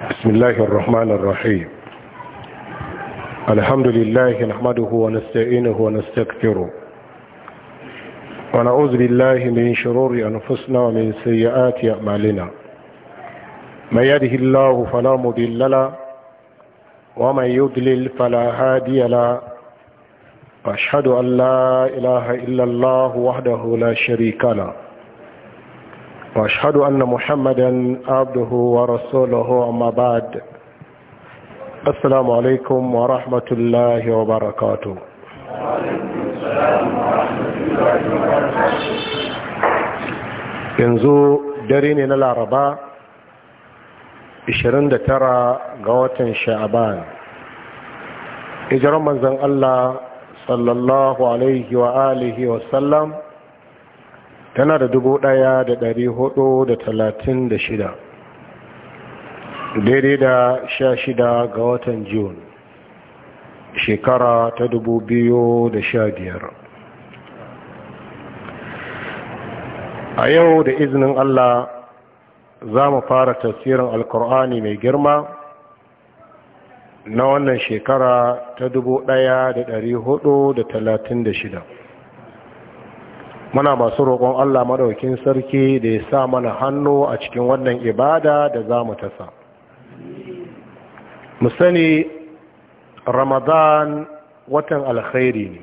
بسم الله الرحمن الرحيم الحمد لله نحمده ونستعينه ونستكثره ونعوذ بالله من شرور أنفسنا ومن سيئات أعمالنا من يده الله فلا مضل له ومن يضلل فلا هادي له وأشهد أن لا إله إلا الله وحده لا شريك له واشهد ان محمدا عبده ورسوله اما بعد السلام عليكم ورحمه الله وبركاته yanzu dare ne na laraba 29 ga watan sha'aban hijiran manzon Allah sallallahu alaihi wa alihi wa sallam tana da dubu ɗaya da ɗari hudu da talatin da shida daidai da sha shida ga watan Jun, shekara ta dubu biyu da sha biyar a yau da izinin allah za mu fara tasirin alkur'ani mai girma na wannan shekara ta dubu ɗaya da da da ɗari hudu shida. muna masu roƙon Allah madaukin sarki da ya sa mana hannu a cikin wannan ibada da za mu tasa mu sani ramadan watan alkhairi ne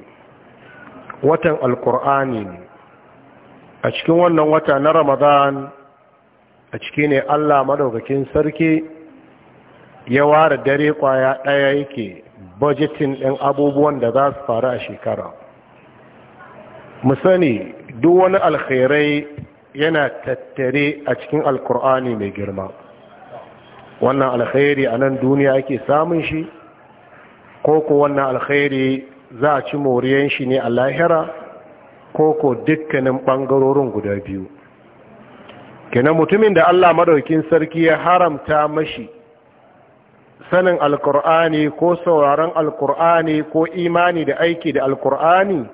watan alkur'ani ne a cikin wannan wata na ramadan a ciki ne Allah maɗaukakin sarki ya ware dare kwaya ɗaya yake budgeting ɗin abubuwan da za su faru a shekara mu sani duk wani alkhairai yana tattare a cikin alkur'ani mai girma wannan alkhairi a nan duniya ake samun shi ko wannan alkhairi za a ci moriyan shi ne a lahira ko dukkanin ɓangarorin guda biyu kenan mutumin da allah maɗaukin sarki ya haramta mashi sanin alkur'ani ko sauraron alkur'ani ko imani da aiki da alkur'ani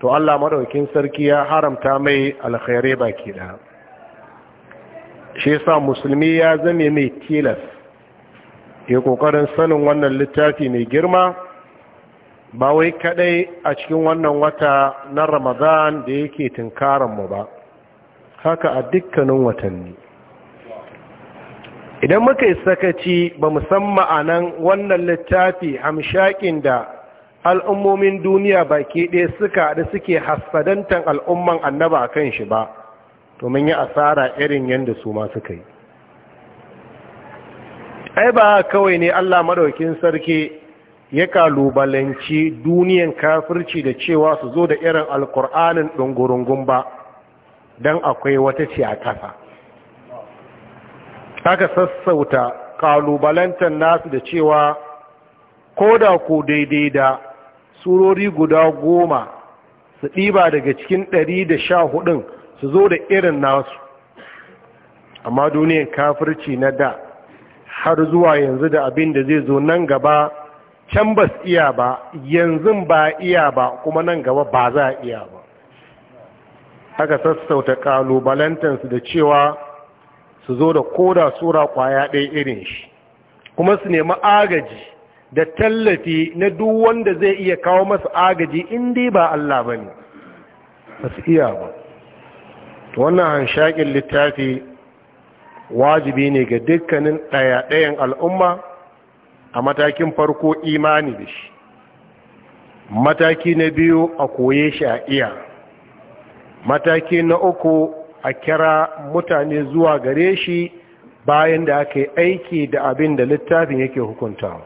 to Allah maɗaukin sarki ya haramta mai alkhairai baki da shi yasa musulmi ya zame mai tilas ya kokarin sanin wannan littafi mai girma ba wai kaɗai a cikin wannan wata na Ramadan da yake tunkaran mu ba haka a dukkanin watanni idan muka yi sakaci ba musamman anan wannan littafi hamshakin da al'ummomin duniya baki ɗaya suka da suke hasadantan al'umman annaba a kan shi ba to mun yi asara irin yadda su ma suka yi ai ba kawai ne allah maɗaukin sarki ya kalubalanci duniyan kafirci da cewa su zo da irin alkur'anin ɗungurungun ba don akwai wata ce a ƙasa aka sassauta kalubalantar nasu da cewa ko da ku daidai da surori guda goma su ɗiba daga cikin ɗari da sha hudun su zo da irin nasu amma duniyar kafirci na da har zuwa yanzu da abin da zai zo nan gaba can ba su iya ba yanzu ba iya ba kuma nan gaba ba za a iya ba aka sassauta kalubalantansu da cewa su zo da koda sura kwaya ɗaya irin shi kuma su nemi agaji da tallafi na duk wanda zai iya kawo masa agaji in ba Allah ba ne ba iya ba wannan hanshakin littafi wajibi ne ga dukkanin ɗaya-ɗayan al'umma a matakin farko imani da shi mataki na biyu a koye shi a iya mataki na uku a kira mutane zuwa gare shi bayan da aka yi aiki da abin da littafin yake hukuntawa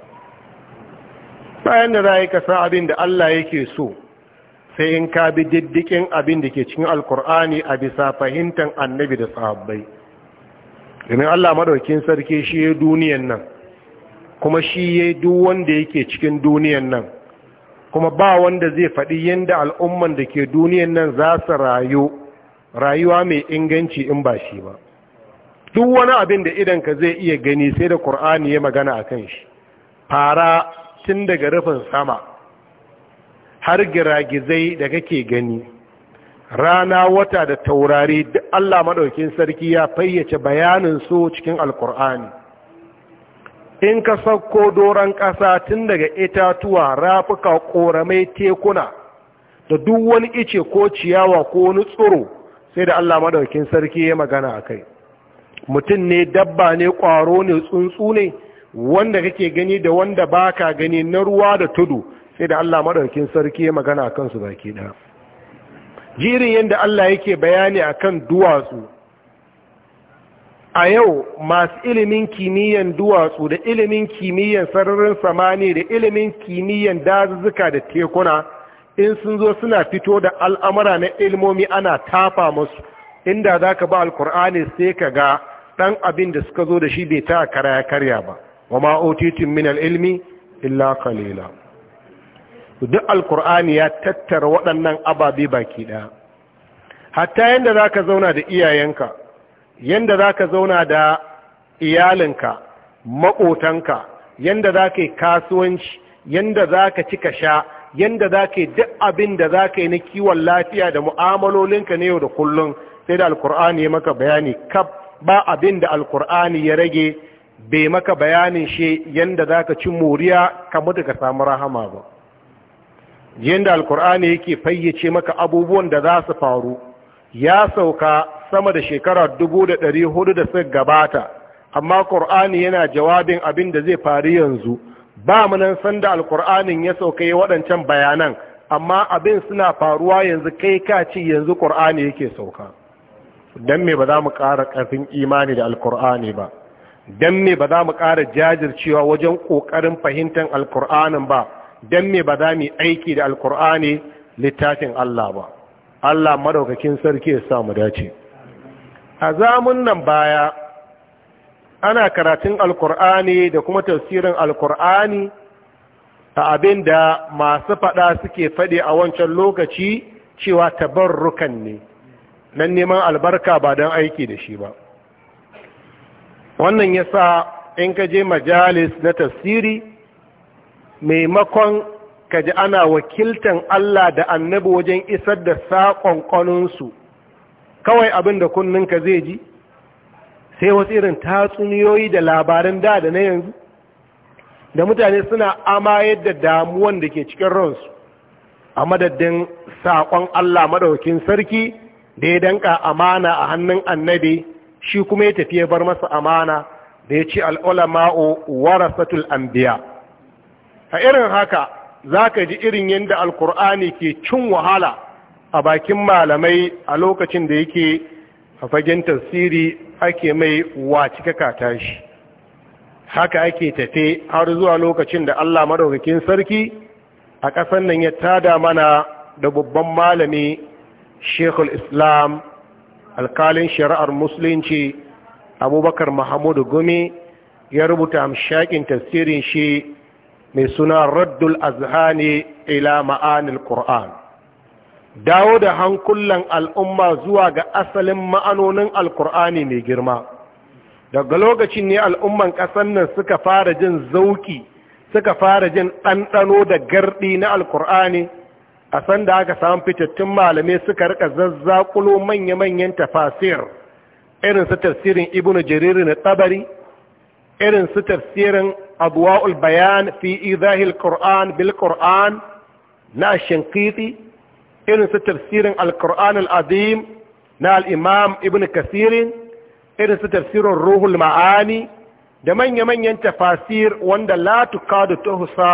bayan da za a ka sa abin da Allah yake so sai in ka bi diddikin abin da ke cikin alkur'ani a bisa fahimtar annabi da sahabbai domin Allah madaukin sarki shi ya duniyan nan kuma shi ya duk wanda yake cikin duniyan nan kuma ba wanda zai faɗi yadda al'umman da ke duniyan nan za su rayu rayuwa mai inganci in ba shi ba duk wani abin da idanka zai iya gani sai da ƙur'ani ya magana a kan shi fara tun daga rufin sama har gira gizai da kake gani rana wata da taurari duk Allah maɗaukin sarki ya fayyace bayanin su cikin alkur'ani in ka sauko doron ƙasa tun daga itatuwa rafuka ƙoramai tekuna da duk wani ice ko ciyawa ko wani tsoro sai da Allah maɗaukin sarki ya magana a kai mutum ne dabba ne ƙwaro ne tsuntsu ne wanda kake gani da wanda baka gani na ruwa da tudu sai da Allah madaukakin sarki ya magana akan su baki ɗaya. jirin yadda Allah yake bayani akan duwatsu a yau masu ilimin kimiyyan duwatsu da ilimin kimiyyan sararin samani da ilimin kimiyyan dazuzzuka da tekuna in sun zo suna fito da al'amura na ilmomi ana tafa musu inda zaka ba alkur'ani sai ka ga ɗan abin da suka zo da shi bai ta ya karya ba wa ma utitin min al-ilmi illa duk alkur'ani ya tattara waɗannan ababe baki ɗaya hatta yanda zaka zauna da iyayenka za ka zauna da iyalinka maƙotanka za ka yi kasuwanci yanda zaka cika sha za ka yi duk abin da ka yi na kiwon lafiya da mu'amalolinka na yau da kullum sai da alkur'ani ya maka bayani Ka ba abin da alkur'ani ya rage bai maka bayanin shi yanda ka ci moriya ka mutu ka samu rahama ba yanda alkur'ani yake fayyace maka abubuwan da za su faru ya sauka sama da shekara dubu da ɗari hudu da suka gabata amma ƙur'ani yana jawabin abin da zai faru yanzu ba mu san da alkur'anin ya sauka yi waɗancan bayanan amma abin suna faruwa yanzu kai ka ci yanzu ƙur'ani yake sauka don me ba za mu ƙara ƙarfin imani da alkur'ani ba don me ba za mu ƙara jajircewa wajen ƙoƙarin fahimtar alkur'anin ba don me ba za mu aiki da alkur'ani littafin Allah ba Allah madaukakin sarki ya sa mu dace a zamun nan baya ana karatun alkur'ani da kuma tafsirin alkur'ani a abin da masu faɗa suke faɗi a wancan lokaci cewa tabarrukan ne nan neman albarka ba don aiki da shi ba wannan ya sa in ka je majalis na tafsiri maimakon ka ji ana wakiltan Allah da annabi wajen isar da saƙon saƙonƙoninsu kawai abin da kunninka zai ji sai wasu irin tatsuniyoyi da labarin da da na yanzu da mutane suna amayar da damuwan da ke cikin ransu a madadin saƙon Allah madaukin sarki da ya danka amana a hannun annabi shi kuma ya tafi ya bar masa amana da ya ce al'ulama'u warasatul ambiya. a irin haka za ka ji irin yadda alkur'ani ke cin wahala a bakin malamai a lokacin da yake a fagen tafsiri ake mai wacikaka tashi haka ake tafe har zuwa lokacin da allah maɗaukakin sarki a ƙasan nan ya tada mana da babban malami shekul islam alkalin shari'ar musulunci abubakar mahamudu gumi ya rubuta amshakin tasirin shi mai suna raddul azhani ila ma'anil ƙur'an dawo da hankulan al'umma zuwa ga asalin ma'anonin alkur'ani mai girma daga lokacin ne al'umman ƙasar nan suka fara jin zauki suka fara jin ɗanɗano da garɗi na alkur'ani a sanda aka samu fitattun malamai suka rika zazzakulo manya-manyan tafasir irin su tafsirin ibnu jariri na tsabari irin su tafsirin abuwa'ul bayan fi izahil qur'an bil qur'an na shinkiti irin su tafsirin al-qur'an al-azim na al-imam ibnu kasirin irin su tafsirin ruhul ma'ani da manya-manyan tafasir wanda la tukadu tuhusa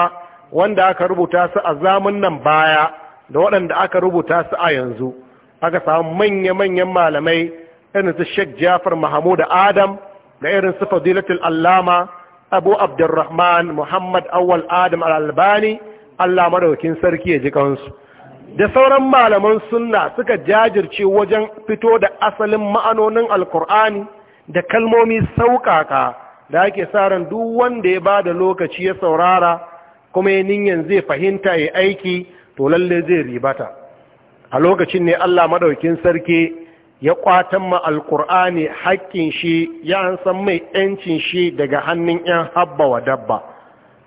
wanda aka rubuta su a zamun nan baya da waɗanda aka rubuta su a yanzu aka samu manya-manyan malamai irin su Sheikh Jafar Mahmud Adam da irin su Fadilatul Allama Abu Abdurrahman Muhammad Awwal Adam Al-Albani Allah madaukakin sarki ya ji kansu da sauran malaman sunna suka jajirce wajen fito da asalin ma'anonin alkur'ani da kalmomi sauƙaƙa da ake sa ran duk wanda ya ba da lokaci ya saurara kuma ya niyan zai fahimta ya aiki to lalle zai ribata a lokacin ne Allah madaukin sarki ya kwatan ma alkur'ani haƙƙin shi ya san mai ƴancin shi daga hannun ƴan habba wa dabba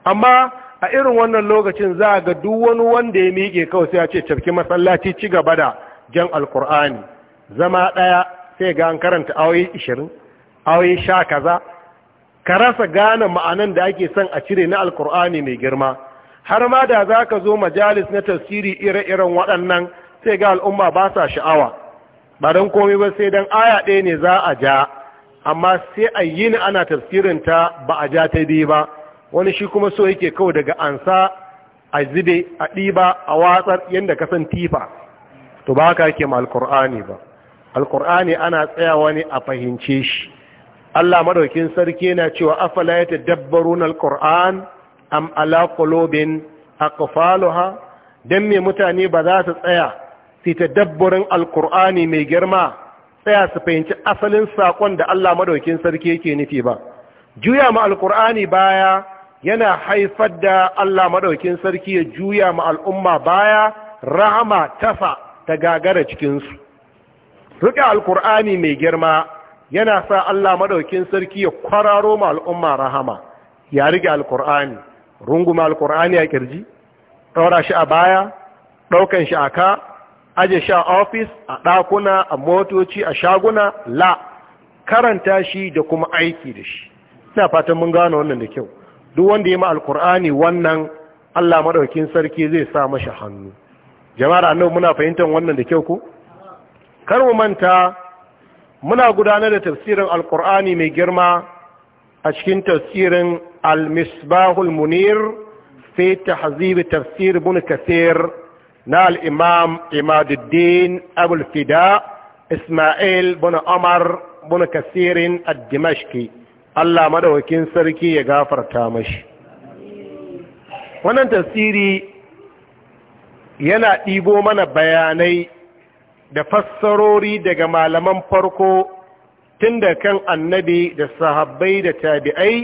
amma a irin wannan lokacin za a ga duk wani wanda ya miƙe kawai sai ya ce tafki masallaci ci gaba da jan alkur'ani zama ɗaya sai ga an karanta awoyi ishirin awoyi sha kaza ka rasa gane ma'anan da ake son a cire na alkur'ani mai girma har ma da za ka zo majalis na tasiri ire-iren waɗannan sai ga al'umma ba sa sha'awa ba don komai ba sai don aya ɗaya ne za a ja amma sai a yi ni ana tasirinta ba a ja ta biyu ba wani shi kuma so yake kawai daga ansa a zube a ɗiba a watsar yadda ka san tifa to ba ka ke ma alkur'ani ba alkur'ani ana tsayawa ne a fahimce shi Allah madaukin sarki yana cewa afala ya tadabbaruna am ala qulubin aqfaluha dan me mutane ba za su tsaya su tadabburin alqur'ani mai girma tsaya su fahimci asalin sakon da Allah madaukin sarki yake nufi ba juya ma alqur'ani baya yana haifar da Allah madaukin sarki ya juya ma al'umma baya rahama tafa ta gagara cikin su riƙe alkur'ani mai girma yana sa Allah madaukin sarki ya kwararo ma al'umma rahama ya riƙe alkur'ani runguma alkur'ani a kirji ɗaura shi a baya ɗaukan shi a ka aje shi a ofis a ɗakuna a motoci a shaguna la karanta shi da kuma aiki da shi ina fatan mun gano wannan da kyau duk wanda ya ma alkur'ani wannan allah maɗaukin sarki zai sa mashi hannu jama'ar annabi muna fahimtar wannan da kyau ko kar mu manta muna gudanar da tafsirin alkur'ani mai girma a cikin tafsirin al-misbahul munir sai tahzib tafsir ibn kathir na al-imam imaduddin abul fida isma'il ibn umar ibn kasirin ad-dimashqi Allah madawakin sarki ya gafarta mashi wannan tafsiri yana ɗibo mana bayanai da fassarori daga malaman farko tun da kan annabi da sahabbai da tabi'ai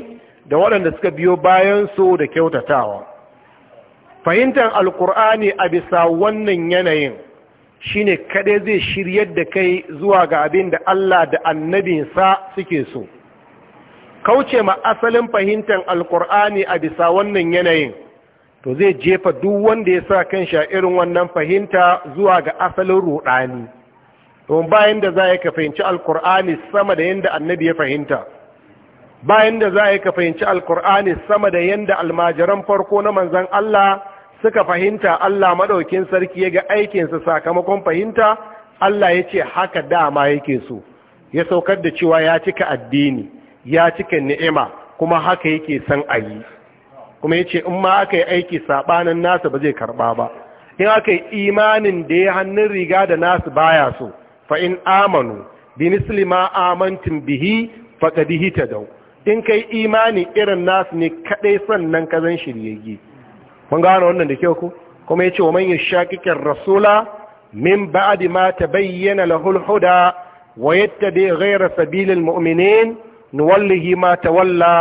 da waɗanda suka biyo bayan su da kyautatawa fahimtar alkur'ani a bisa wannan yanayin shine kaɗai zai shiryar da kai zuwa ga abin da Allah da annabinsa suke so kauce ma asalin fahimtar alkur'ani a bisa wannan yanayin to zai jefa duk wanda ya sa kan sha irin wannan fahimta zuwa ga asalin ruɗani don bayan da za ka fahimci alkur'ani sama da yadda annabi ya fahimta bayan da za a yi ka fahimci alkur'ani sama da yanda almajiran farko na manzan Allah suka fahimta Allah maɗaukin sarki ya ga aikinsa sakamakon fahimta Allah ya ce haka dama yake so ya saukar da cewa ya cika addini ya cika ni'ima kuma haka yake san a yi kuma ya ce in ma aka yi aiki saɓanin nasa ba zai karɓa ba in aka yi imanin da ya hannun riga da nasu baya so fa in amanu bi amantin bihi faqad dau. in kai imani irin nasu ne kadai sannan ka zan shiryayye mun gano wannan da kyau ko kuma ce wa man yashaqiqir rasula min ba'di ma tabayyana lahul huda wa yattabi ghayra sabilil mu'minin nuwallihi ma tawalla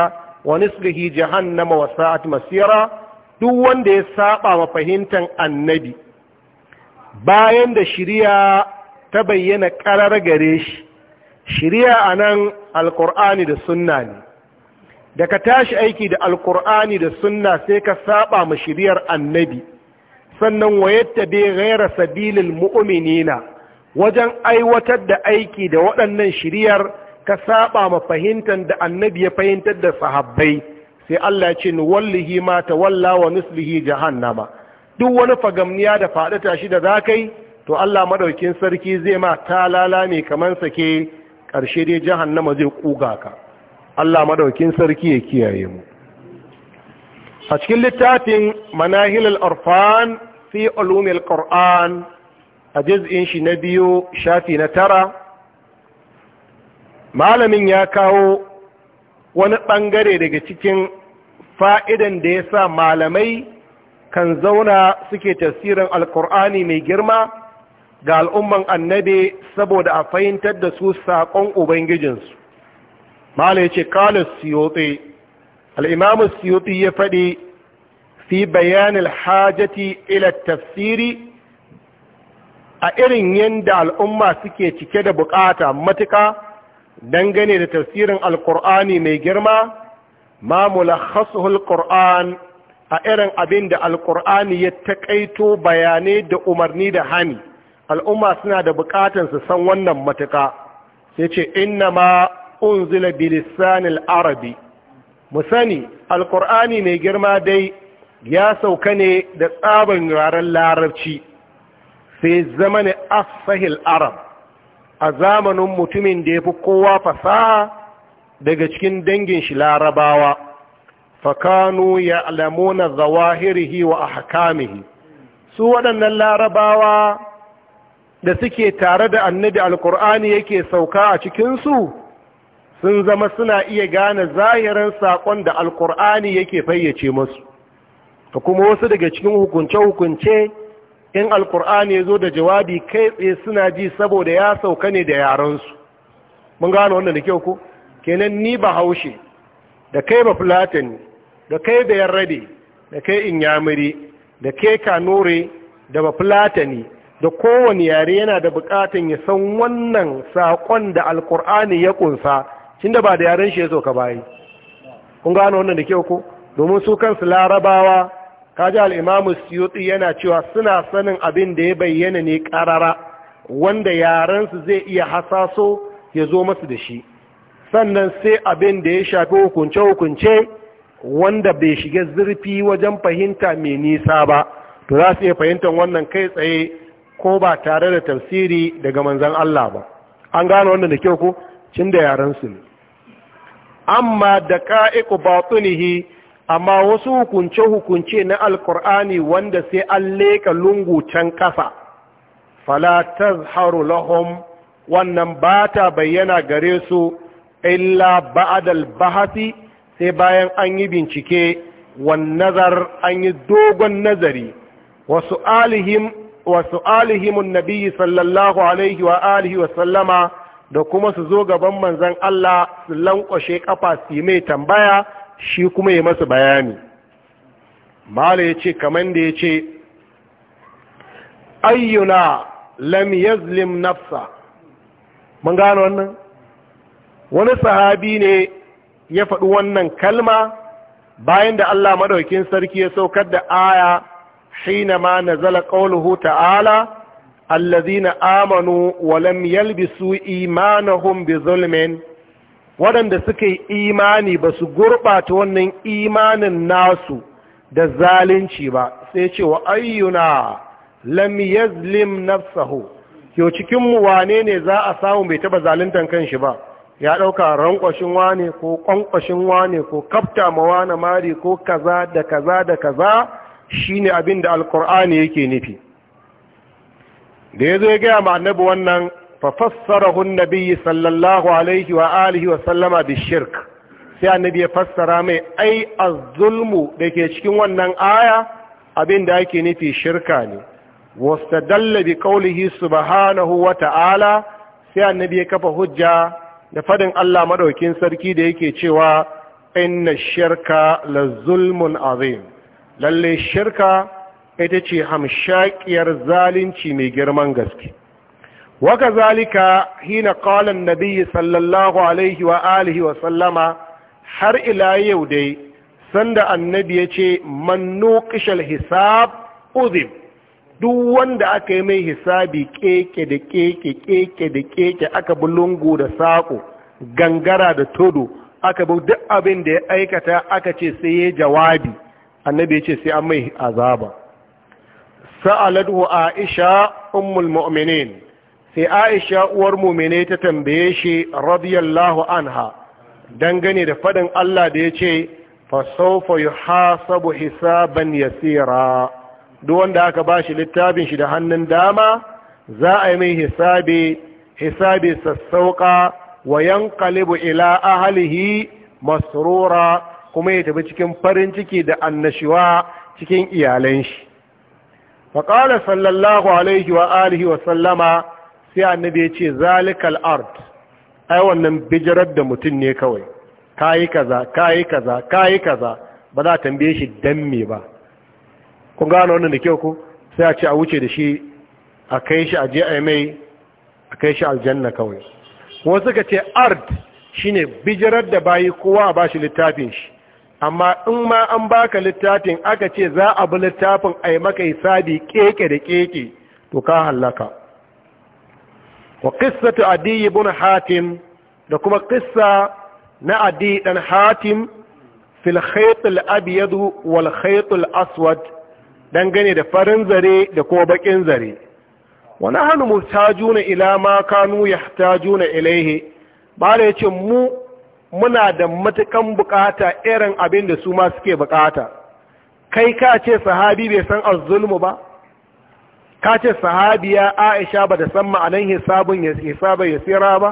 wa nisbihi jahannama wa sa'at masira duk wanda ya saba wa fahimtar annabi bayan da shiriya ta bayyana karar gare shi shiriya anan alqur'ani da sunna ne da ka tashi aiki da alkur'ani da sunna sai ka saba ma shiriyar annabi sannan wayatta bai gaira sabilil mu'minina wajen aiwatar da aiki da waɗannan shiriyar ka saba ma fahimtar da annabi ya fahimtar da sahabbai sai Allah ya ce ni wallahi ma tawalla wa nuslihi jahannama duk wani fagamniya da faɗa tashi da zakai to Allah madaukin sarki zai ma talala ne kaman sake ƙarshe dai jahannama zai kuga ka Allah madaukin sarki ya kiyaye mu a cikin littafin manahil al-arfan fi ulum al-qur'an a juz'in shi na biyu shafi na tara malamin ya kawo wani bangare daga cikin fa'idan da ya sa malamai kan zauna suke tasirin alkur'ani mai girma ga al'umman annabi saboda a fahimtar da su saƙon ubangijinsu malai yace qala siyuti al-imam siyuti ya faɗi fi bayanin al-hajati ila tafsiri a irin yanda al'umma suke cike da bukata matuka dangane da tafsirin alkur'ani mai girma ma mulakhasuhu alkur'an a irin abin da alkur'ani ya taƙaito bayanai da umarni da hani al'umma suna da bukatan su san wannan matuka sai ce inna ma unzila bilisanil arabi mu sani alkur'ani mai girma dai ya sauka ne da tsabar yaren larabci sai zama ne asahil arab a zamanin mutumin da ya fi kowa fasaha daga cikin dangin shi larabawa fakanu ya alamuna zawahirihi wa ahkamihi su waɗannan larabawa da suke tare da annabi alkur'ani yake sauka a cikinsu sun zama suna iya gane zahirin saƙon da alkur'ani yake fayyace masu ta kuma wasu daga cikin hukunce-hukunce in alkur'ani ya zo da jawabi kai tsaye suna ji saboda ya sauka ne da yarensu mun gano wannan da kyau ko kenan ni ba haushe da kai ba fulatani da kai da yarrade da kai inyamiri da kai kanore da ba fulatani da kowane yare yana da bukatan ya san wannan saƙon da alkur'ani ya ƙunsa tunda ba da yaren shi ya ka bayi kun gano wannan da kyau ko domin su kansu larabawa kaji al'imamu Suyuti yana cewa suna sanin abin da ya bayyana ne karara wanda yarensu zai iya hasaso ya zo masu da shi sannan sai abin da ya shafi hukunce-hukunce wanda bai shiga zurfi wajen fahimta mai nisa ba to za su iya fahimtar wannan kai tsaye ko ba tare da tafsiri daga manzan Allah ba an gano wannan da kyau ko cin da yarensu ne amma da kaiƙu batunihi amma wasu hukunce-hukunce na alkur'ani wanda sai an leƙa lungu can ƙasa falatar haru lahom wannan ba ta bayyana gare su illa ba'adal bahasi sai bayan an yi bincike wan nazar an yi dogon nazari wasu alihim wasu alihimun sallallahu alaihi wa alihi wa da kuma su zo gaban manzan Allah su lankwashe kafa su yi mai tambaya shi kuma yi masu bayani mala ya ce kamar da ya ce ayyuna lam yazlim nafsa mun gano wannan wani sahabi ne ya faɗi wannan kalma bayan da Allah maɗaukin sarki ya saukar da aya na ma na zala qawluhu ta'ala allazina amanu wa lam yalbisu imanahum bi zulmin waɗanda suka yi imani ba su gurɓata wannan imanin nasu da zalunci ba sai ce wa ayyuna lam yazlim nafsahu yau mu wane ne za a samu bai taɓa zaluntan kanshi ba ya ɗauka rankwashin wane ko kwankwashin wane ko kafta ma wane mari ko kaza da kaza da kaza shine abinda da yake nufi da ya zo ya gaya ma annabi wannan hun nabiyyi sallallahu alaihi wa alihi wa sallama bi shirk sai annabi ya fassara mai ai az-zulmu da ke cikin wannan aya abin da ake nufi shirka ne wastadalla bi qawlihi subhanahu wa ta'ala sai annabi ya kafa hujja da fadin Allah madaukin sarki da yake cewa inna shirka la zulmun azim lalle shirka ita ce hamshakiyar zalunci mai girman gaske waka zalika hina qalan nabiyyi sallallahu alaihi wa alihi wa sallama har ila yau dai sanda annabi ya ce man nuqishal hisab udhib duk wanda aka yi mai hisabi keke da keke keke da keke aka bi lungu da sako gangara da todo aka bi duk abin da ya aikata aka ce sai ya jawabi annabi ya ce sai an mai azaba sa'alatu aisha ummul sai aisha uwar mu'mine ta tambaye shi radiyallahu anha dangane da faɗin Allah da ce fa sawfa yuhasabu hisaban yasira duk wanda aka bashi littafin shi da hannun dama za a yi mai hisabi hisabi sassauka wa yanqalibu ila ahlihi masrura kuma ya tafi cikin farin ciki da annashuwa cikin iyalan shi faƙala sallallahu alaihi wa alihi wa sallama sai annabi ya ce zalikal art ai wannan bijirar da mutum ne kawai kayi kaza kayi kaza kayi kaza ba za a tambaye shi dan me ba kun gano wannan da kyau ku sai a ce a wuce da shi a kai shi a je a mai a kai shi aljanna kawai wasu suka ce art shine bijirar da bayi kowa a bashi littafin shi amma in ma an baka littafin aka ce za a bi littafin a yi maka hisabi keke da keke to ka hallaka wa qissatu adi ibn hatim da kuma qissa na adi dan hatim fil khayt al abyad wal khayt al aswad dangane da farin zare da kuma bakin zare wa nahnu muhtajuna ila ma kanu yahtajuna ilayhi bala yace mu muna da matukan bukata irin abin da su ma suke bukata kai ka ce sahabi bai san azzulmu ba ka ce sahabiya aisha ba da san ma'anan hisabun ya ya ba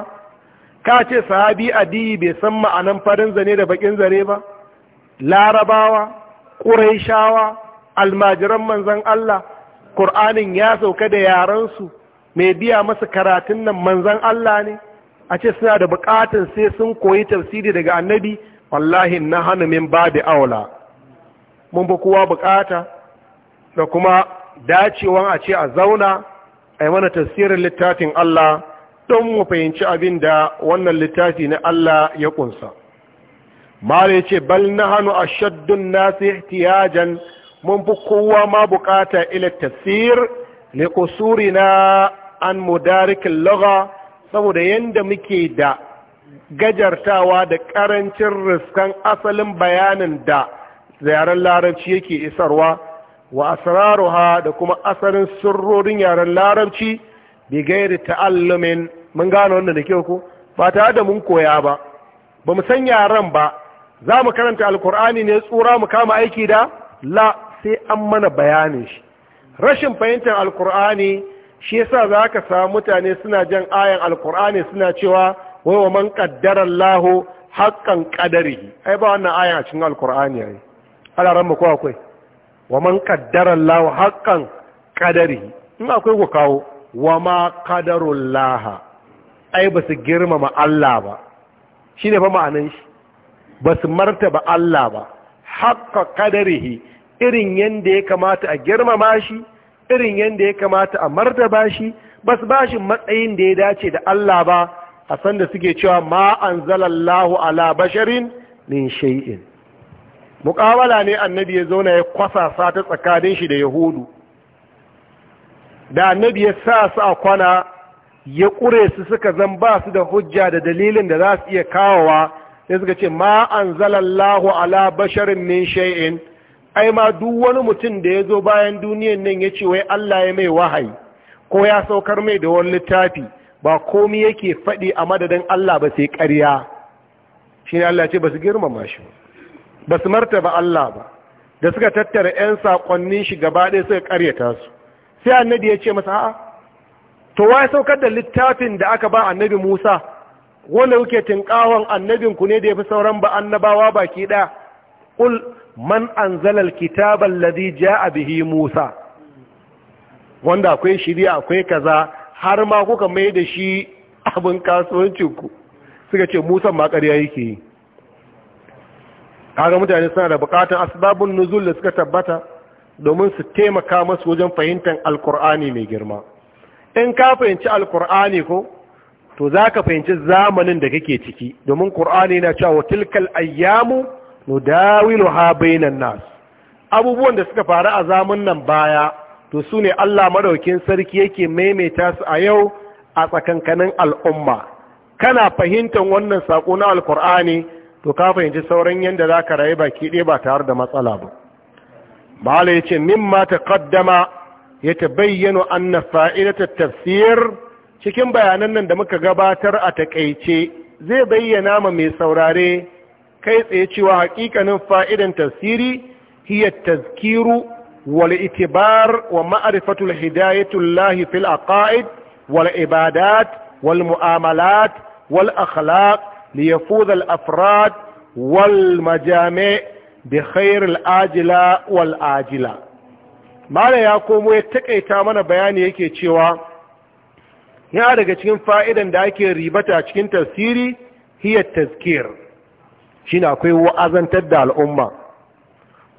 ka ce sahabi adiyi bai san ma'anan farin zane da bakin zare ba larabawa ƙuraishawa almajiran manzan Allah ƙur'anin ya sauka da yarensu mai biya masu karatun nan manzan Allah ne a ce suna da bukatun sai sun koyi tafsiri daga annabi wallahi na hannu min babu aula mun fi kowa bukata da kuma dacewan a ce a zauna a yi mana tafsirin littafin Allah don mu fahimci abin da wannan littafi na Allah ya kunsa mare ce bal na a ashaddun nasi ihtiyajan mun fi kowa ma bukata ila tafsir kusuri na an mudarikin lugha saboda yadda muke da gajartawa da karancin riskan asalin bayanin da yaren larabci yake isarwa wa asraruha da kuma asalin sirrorin yaren larabci bi gairi ta'allumin mun gano wannan da ke ku, ba tare da mun koya ba ba mu san yaren ba za mu karanta alkur'ani ne tsura mu kama aiki da la sai an mana bayanin shi rashin fahimtar alkur'ani shi yasa za ka samu mutane suna jan ayan alkur'ani suna cewa wai wa man kaddara Allah haqqan qadarihi ai ba wannan ayan a cikin alkur'ani ai ala ran mu ko akwai wa man kaddara Allah haqqan qadarihi in akwai ku kawo wa ma Allah ai ba su girmama Allah ba shine fa ma'anan shi ba su martaba Allah ba haqqa qadarihi irin yanda ya kamata a girmama shi irin yadda ya kamata a martaba shi bas bashin matsayin da ya dace da Allah ba a sanda suke cewa ma anzalallahu ala basharin min shay'in muƙawala ne annabi ya zauna ya sa ta tsakanin shi da yahudu da annabi ya sa su a kwana ya ƙure su suka zan ba su da hujja da dalilin da za su iya kawowa sai suka ce ma anzalallahu ala basharin min shay'in ai ma duk wani mutum da ya zo bayan duniyan nan ya ce wai Allah ya mai wahayi ko ya saukar mai da wani littafi ba komi yake faɗi a madadin Allah ba sai ƙarya shi ne Allah ce ba su girmama shi ba su martaba Allah ba da suka tattara 'yan saƙonnin shi gaba ɗaya suka ƙaryata su sai annabi ya ce masa a'a to wai saukar da littafin da aka ba annabi Musa wanda kuke tinkawon annabinku ne da ya fi sauran ba annabawa baki ɗaya man anzala alkitaba alladhi jaa bihi Musa wanda akwai shiriya akwai kaza har ma kuka mai da shi abin kasuwancin suka ce Musa ma ƙarya yake yi kaga mutane suna da bukatun asbabun nuzul da suka tabbata domin su taimaka masu wajen fahimtar alkur'ani mai girma in ka fahimci alkur'ani ko to za ka fahimci zamanin da kake ciki domin kur'ani na cewa tilkal ayyamu ha bainan nas abubuwan da suka faru a zamun nan baya to su ne Allah madaukin sarki yake maimaita su a yau a tsakankanin al'umma kana fahimtar wannan sako na alkur'ani to ka fahimci sauran yadda za ka rayu baki ɗaya ba tare da matsala ba bala ya ce mimma ta kaddama ya ta bayyano anna fa'idatar tafsir cikin bayanan nan da muka gabatar a taƙaice zai bayyana ma mai saurare kai tsaye cewa hakikanin fa'idan tasiri hiya tazkiru wal itibar wa ma'rifatul hidayatullahi fil aqaid wal ibadat wal mu'amalat wal akhlaq li liyafuz al afrad wal majami' bi khair al ajila wal ajila mala ya komo ya takaita mana bayani yake cewa ya daga cikin fa'idan da ake ribata cikin tasiri hiya tazkiru shine akwai wa'azantar da al'umma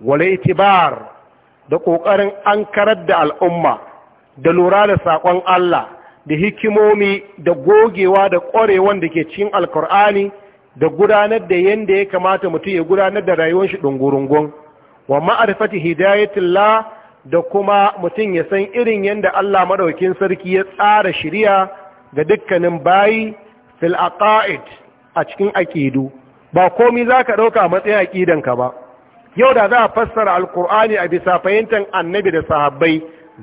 wala itibar da kokarin ankarar da al'umma da lura da sakon Allah da hikimomi da gogewa da ƙwarewan da ke cikin alkur'ani da gudanar da yadda ya kamata mutum ya gudanar da rayuwar shi ɗungurungun wa ma'arfati hidayatullah da kuma mutum ya san irin yadda Allah maɗaukin sarki ya tsara shiriya ga dukkanin bayi fil aqaid a cikin aƙidu ba komi za ka ɗauka matsayin aƙidanka ba yau da za a fassara alkur'ani a bisa fahimtar annabi da sahabbai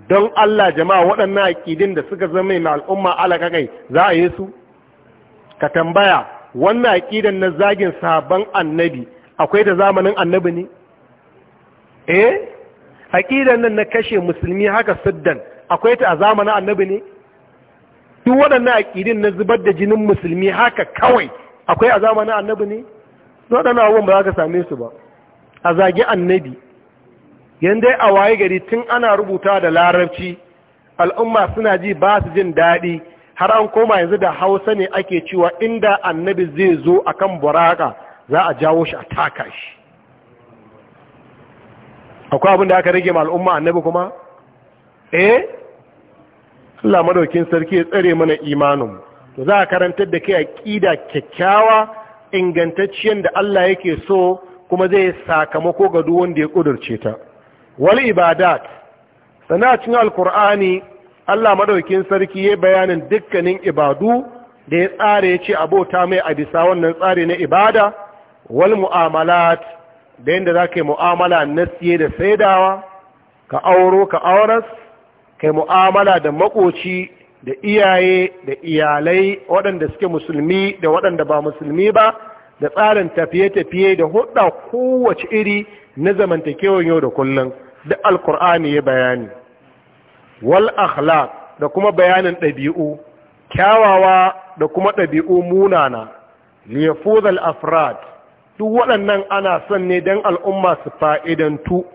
don allah jama'a waɗannan aƙidin da suka zama mai al'umma alaƙa kai za a yi su ka tambaya wannan aƙidan na zagin sahabban annabi akwai da zamanin annabi ne eh aƙidan nan na kashe musulmi haka siddan akwai ta a zamanin annabi ne duk waɗannan aƙidin na zubar da jinin musulmi haka kawai akwai a zamanin annabi ne waɗannan abubuwan ba za ka same su ba a zagi annabi yadda a waye gari tun ana rubuta da larabci al'umma suna ji ba su jin daɗi har an koma yanzu da hausa ne ake cewa inda annabi zai zo a kan buraka za a jawo shi a taka shi akwai abin da aka rage ma al'umma annabi kuma eh Allah madaukin sarki ya tsare mana imaninmu to za a karantar da kai ƙida kyakkyawa ingantacciyar da Allah yake so kuma zai sakamako ga duk wanda ya ƙudurce ta wal ibadat sana cikin alqur'ani Allah madaukin sarki ya bayanin dukkanin ibadu da ya tsara ya ce abota mai a bisa wannan tsari na ibada wal mu'amalat da yadda za ka yi mu'amala na siye da saidawa ka auro ka auras kai mu'amala da makoci da iyaye da iyalai waɗanda suke musulmi da waɗanda ba musulmi ba da tsarin tafiye-tafiye da hudda kowace iri na zamantakewar yau da kullum da alkur'ani ya bayani wal akhlaq da kuma bayanin ɗabi'u kyawawa da kuma ɗabi'u munana liyafuzal afrad duk waɗannan ana son ne don al'umma su fa'idantu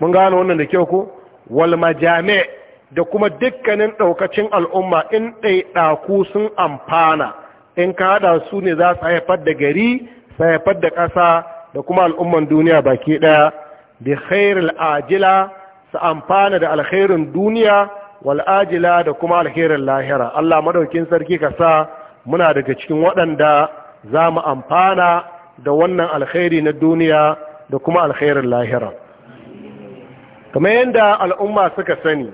mun gano wannan da kyau ko wal majami' da kuma dukkanin ɗaukacin al'umma in ɗaiɗaku sun amfana in ka haɗa su ne za su haifar da gari su haifar da ƙasa da kuma al'umman duniya baki ɗaya bi khairul ajila su amfana da alkhairin duniya wal ajila da kuma alkhairin lahira Allah madaukin sarki ka sa muna daga cikin waɗanda za mu amfana da wannan alkhairi na duniya da kuma alkhairin lahira kamar yadda al'umma suka sani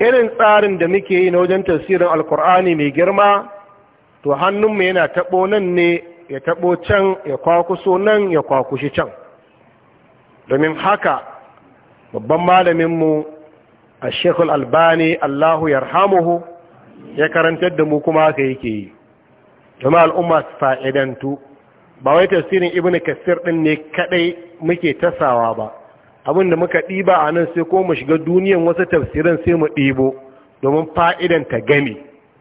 irin tsarin da muke yi na wajen tasirin alkur'ani mai girma to hannun mu yana taɓo nan ne ya taɓo can ya kwakuso nan ya kwakushi can domin haka babban malaminmu a shekul albani allahu yarhamuhu ya karantar da mu kuma haka yake yi domin al'umma su fa'idantu ba wai tasirin ibn kasir ɗin ne kaɗai muke tasawa ba abin da muka ɗiba a nan sai ko mu shiga duniyan wasu tafsirin sai mu ɗibo domin fa'idan ta gani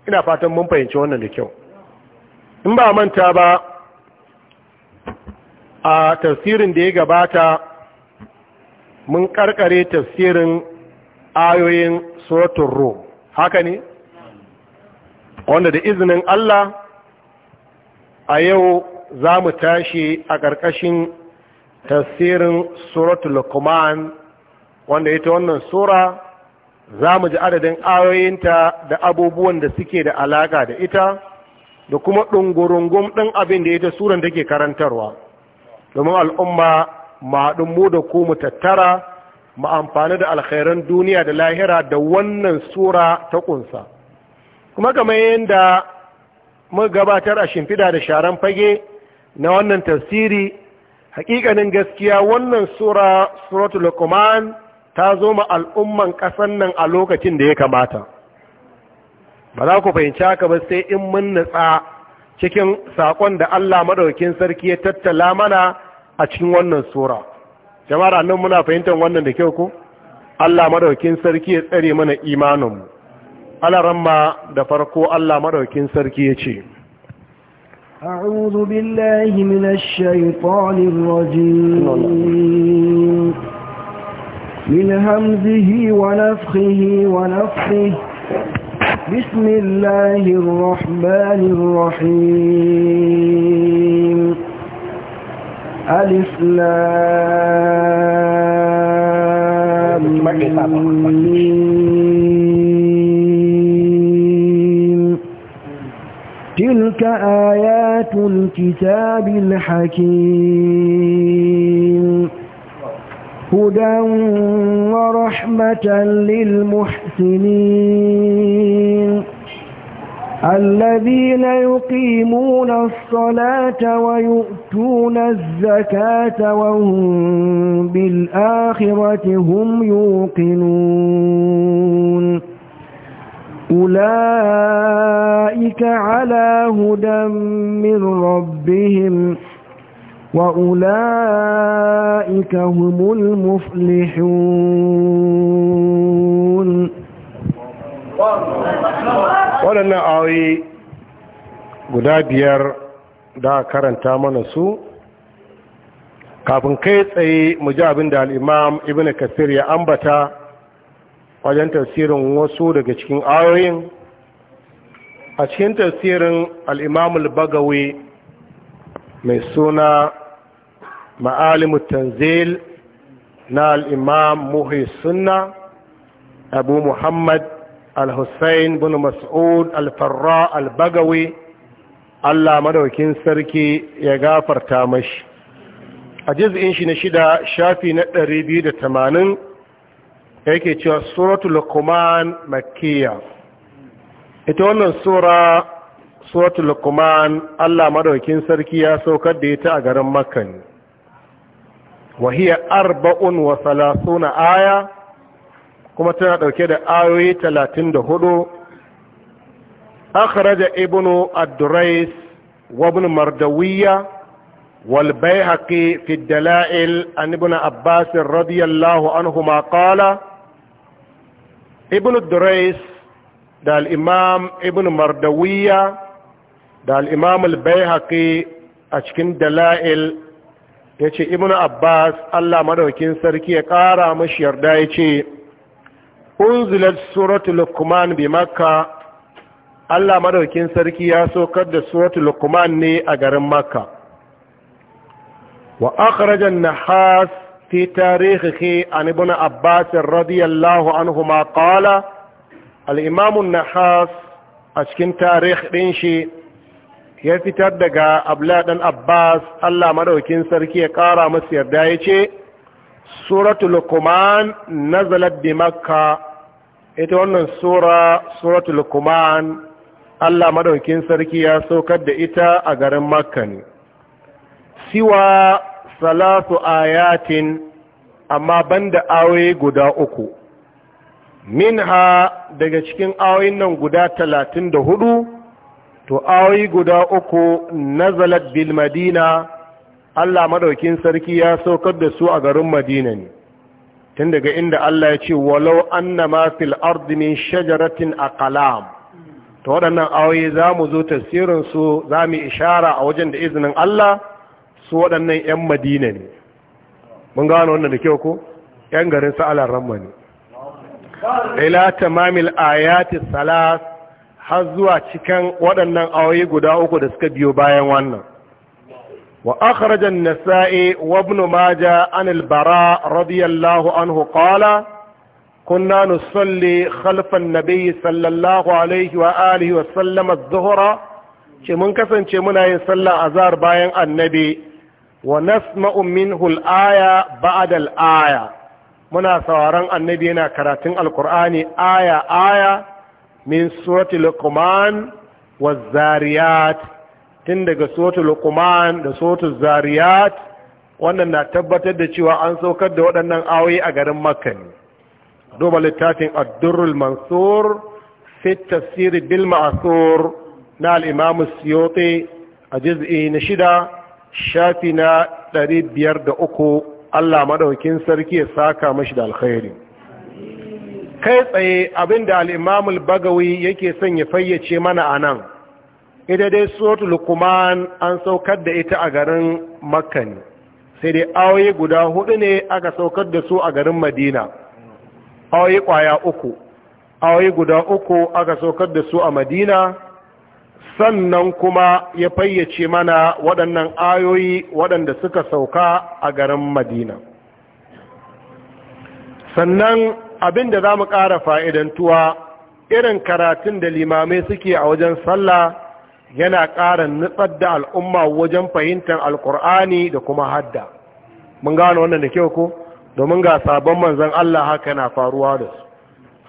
ina fatan mun fahimci wannan da kyau in ba manta ba a tafsirin da ya gabata mun ƙarƙare tafsirin ayoyin suratun ro haka ne wanda da izinin Allah a yau za mu tashi a ƙarƙashin tafsirin suratul Luqman wanda ita wannan sura za mu ji adadin ayoyinta da abubuwan da suke da alaka da ita da kuma ɗungurungun ɗin abin da ita suran take karantarwa domin al'umma maɗin mu da ku mu tattara mu amfani da alkhairan duniya da lahira da wannan sura ta kunsa kuma kamar yadda mu gabatar a shimfida da sharan fage na wannan tafsiri hakikanin gaskiya wannan sura suratul luqman ta zo ma al'umman kasan nan a lokacin da ya kamata ba za ku fahimci haka ba sai in mun nutsa cikin sakon da Allah madaukin sarki ya tattala mana a cikin wannan sura jama'a nan muna fahimtar wannan da kyau ko Allah madaukin sarki ya tsare mana imanin mu alaramma da farko Allah madaukin sarki ya ce أعوذ بالله من الشيطان الرجيم من همزه ونفخه ونفخه بسم الله الرحمن الرحيم ألف لام تِلْكَ آيَاتُ الْكِتَابِ الْحَكِيمِ هُدًى وَرَحْمَةً لِلْمُحْسِنِينَ الَّذِينَ يُقِيمُونَ الصَّلَاةَ وَيُؤْتُونَ الزَّكَاةَ وَهُمْ بِالْآخِرَةِ هُمْ يُوقِنُونَ أولئك على هدى من ربهم وأولئك هم المفلحون waɗannan awi guda biyar da karanta mana su kafin kai tsaye mu ji abin da al'imam ibn kasir ya ambata wajen tafsirin wasu daga cikin ayoyin a cikin tafsirin al'imamul bagawe mai suna ma'alimu tanzil na al'imam muhi suna abu muhammad al-hussein bin mas'ud al-farra al-bagawe allah madaukin sarki ya gafarta mashi a jiz'in shi na shida shafi na ɗari biyu da tamanin. yake cewa suratul lukman makkiya ita wannan sura suratul lukman Allah madaukin sarki ya saukar da ita a garin Makka wahiya arba'un wa salasuna aya kuma tana dauke da ayoyi 34 akhraja ibnu ad-durais wa ibn mardawiyya wal bayhaqi fi ad-dala'il an ibn abbas radiyallahu anhuma qala ibn durais da al'imam ibn mardawiya da al'imam al a cikin dala'il ya ce ibn abbas allah madaukin sarki ya ƙara mashi yarda ya ce unzilar suratul lukman bi makka allah madaukin sarki ya sokar da suratul lukman ne a garin makka wa akhrajan nahas في تاريخه عن ابن عباس رضي الله عنهما قال الإمام النحاس أشكن تاريخ دينشي ya fitar daga abladan abbas allah maɗaukin sarki ya kara masu yarda ya ce suratul lukuman nazalat bi makka ita wannan sura suratul lukuman allah maɗaukin sarki ya saukar da ita a garin makka ne siwa salatu ayatin amma banda ayoyi guda uku minha daga cikin ayoyin nan guda talatin da hudu to ayoyi guda uku nazalat bil madina Allah madaukin sarki ya saukar da su a garin madina ne tun daga inda Allah ya ce walau annama fil ardi min shajaratin aqlam to waɗannan ayoyi za mu zo tafsirin su za mu ishara a wajen da izinin Allah su waɗannan 'yan madina ne mun gano wannan da kyau ko 'yan garin sa'alar ramma ne ila tamamil ayati salas har zuwa cikin waɗannan awoyi guda uku da suka biyo bayan wannan wa akhrajan nasa'i wa ibn maja an al-bara radiyallahu anhu qala kunna nusalli khalfa an-nabi sallallahu alaihi wa alihi wa sallama adh-dhuhra ce mun kasance muna yin sallah azhar bayan annabi wa nasma'u minhu al-aya ba'da al-aya muna sauraron annabi yana karatun alkur'ani aya aya min surati luqman wa zariyat tun daga surati luqman da surati zariyat wannan na tabbatar da cewa an saukar da waɗannan ayoyi a garin makka ne duba littafin ad-durrul mansur fi tafsir bil ma'thur na al-imam as-suyuti a juz'i na shida shafi na ɗari biyar da uku, Allah madaukin sarki ya saka mashi da alkhairi kai tsaye abinda da imam bagawi yake son ya fayyace mana a nan. ita dai suratul lukman an saukar da ita a garin Makani. sai dai awoyi guda hudu ne aka saukar da su a garin Madina awoyi kwaya uku awoyi guda uku aka saukar da su a Madina sannan kuma ya fayyace mana waɗannan ayoyi waɗanda suka sauka a garin madina sannan abin da za mu ƙara fa'idantuwa irin karatun da limamai suke a wajen sallah yana ƙara nutsar da al'umma wajen fahimtar alƙur'ani da kuma hadda mun gano wannan da kyau ko domin ga sabon manzan Allah haka na faruwa da su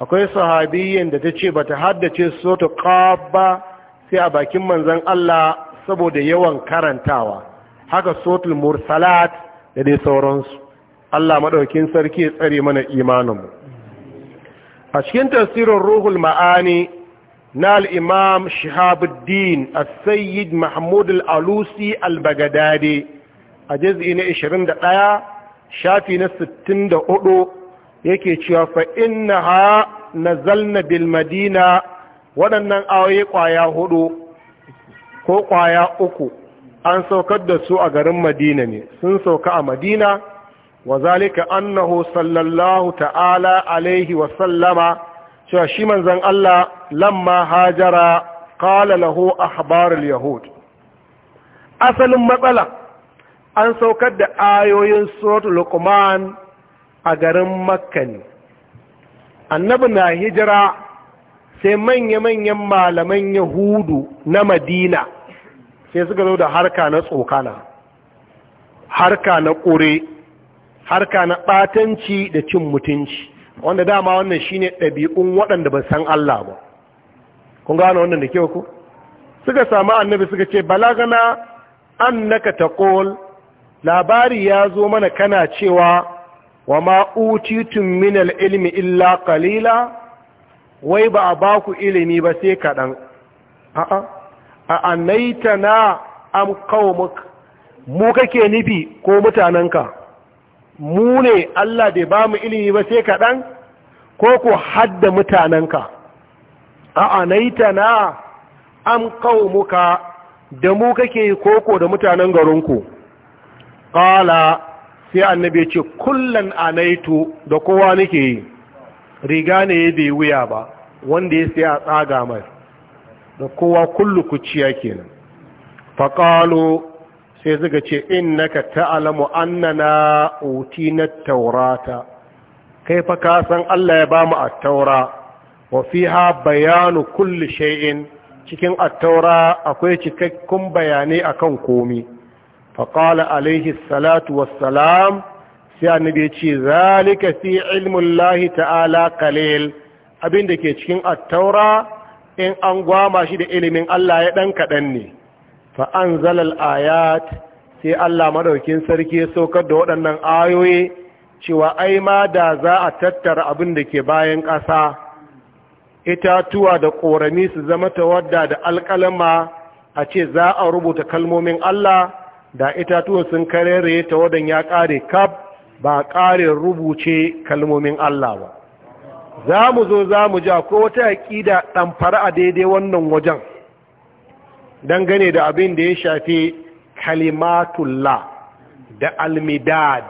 akwai sahabiyyin da ta ce ba ta haddace su ta ƙaba sai a bakin manzan Allah saboda yawan karantawa haka sotul mursalat da dai sauransu Allah maɗaukin sarki ya tsare mana imaninmu a cikin tasirin ruhul ma'ani na al'imam shahabuddin a sayyid mahmud al'alusi al-bagadade a jazi na 21 shafi na 64 yake cewa fa'in na ha na zalna bilmadina waɗannan ayoyi ƙwaya hudu ko ƙwaya uku an saukar da su a garin madina ne sun sauka a madina wa zalika annahu sallallahu ta'ala alaihi wa sallama cewa shi manzon Allah lamma hajara qala lahu ahbarul yahud asalin matsala an saukar da ayoyin suratul luqman a garin makka ne annabi na hijira sai manya-manyan malaman yahudu na madina sai suka zo da harka na tsokana harka na ƙure harka na ɓatanci da cin mutunci wanda dama wannan shine ɗabi'un waɗanda ba san Allah ba kun gano wannan da kyau ku suka samu annabi suka ce balagana annaka taqul labari ya zo mana kana cewa wa ma utitum min ilmi illa qalila wai ba a ba ku ilimi ba sai kaɗan a'a a anaita na am qaumuk mu kake nufi ko mutanenka mu ne Allah bai ba mu ilimi ba sai kaɗan ko ku hadda mutanenka a anaita na am qaumuka da mu kake koko da mutanen garinku Ƙala sai annabi ce kullan anaitu da kowa nake yi riga ne ya bai wuya ba wanda ya siya a tsaga mai da kowa kullu kuciya kenan faƙalo sai suka ce innaka ta'lamu annana utina taurata kai fa ka san Allah ya bamu at-taura wa fiha bayanu kulli shay'in cikin at-taura akwai cikakkun bayanai akan komi faqala alayhi salatu wassalam sai annabi ya ce zalika fi ilmi Allah ta'ala qalil abin da ke cikin attaura in an gwama shi da ilimin Allah ya ɗan kaɗan ne fa an zalal ayat sai Allah maɗaukin sarki ya saukar da waɗannan ayoyi cewa ai ma da za a tattara abin da ke bayan ƙasa itatuwa da ƙorami su zama tawadda da alƙalama a ce za a rubuta kalmomin Allah da itatuwan sun karere tawadan ya ƙare kaf ba ƙare rubuce kalmomin Allah ba za mu zo za mu ja ko wata aƙida ɗamfara a daidai wannan wajen dangane da abin da ya shafi kalimatullah da almidad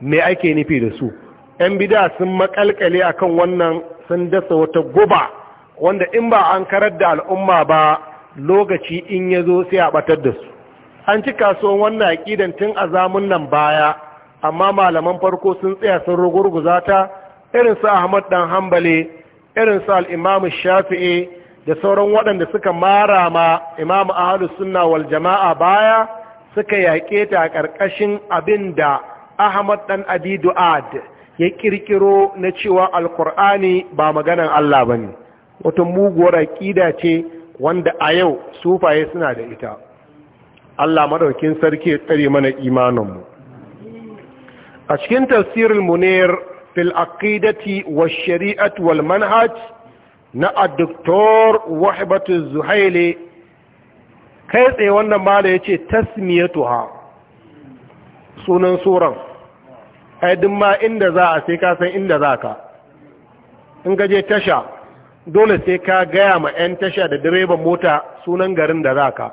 me ake nufi da su ‘yan bida sun makalkale kan wannan sun dasa wata guba wanda in ba an karar da al'umma ba lokaci in ya zo sai a batar da su an ci kasuwan wannan aƙidan tun a zamun nan baya amma malaman farko sun tsaya sun rugurguza ta irin su ahmad dan hanbali irin su imam shafi'i da sauran waɗanda suka mara ma Imam ahlus sunna wal jama'a baya suka yaƙe ta karkashin ƙarƙashin abinda ahmad dan abi du'ad ya ƙirƙiro na cewa alkur'ani ba maganan allah ba ne wata muguwar aƙida ce wanda a yau sufaye suna da ita allah maɗaukin sarki ya tsare mana imanin mu a cikin tafsirul munir fil aqidati wa shari'at wal manhaj na addoktor wahibatu zuhaili kai tsaye wannan mala yace ce tasmiyatuha sunan suran aidin ma inda za sai ka inda za ka in gaje tasha dole sai ka gaya ma 'yan tasha da direban mota sunan garin da za ka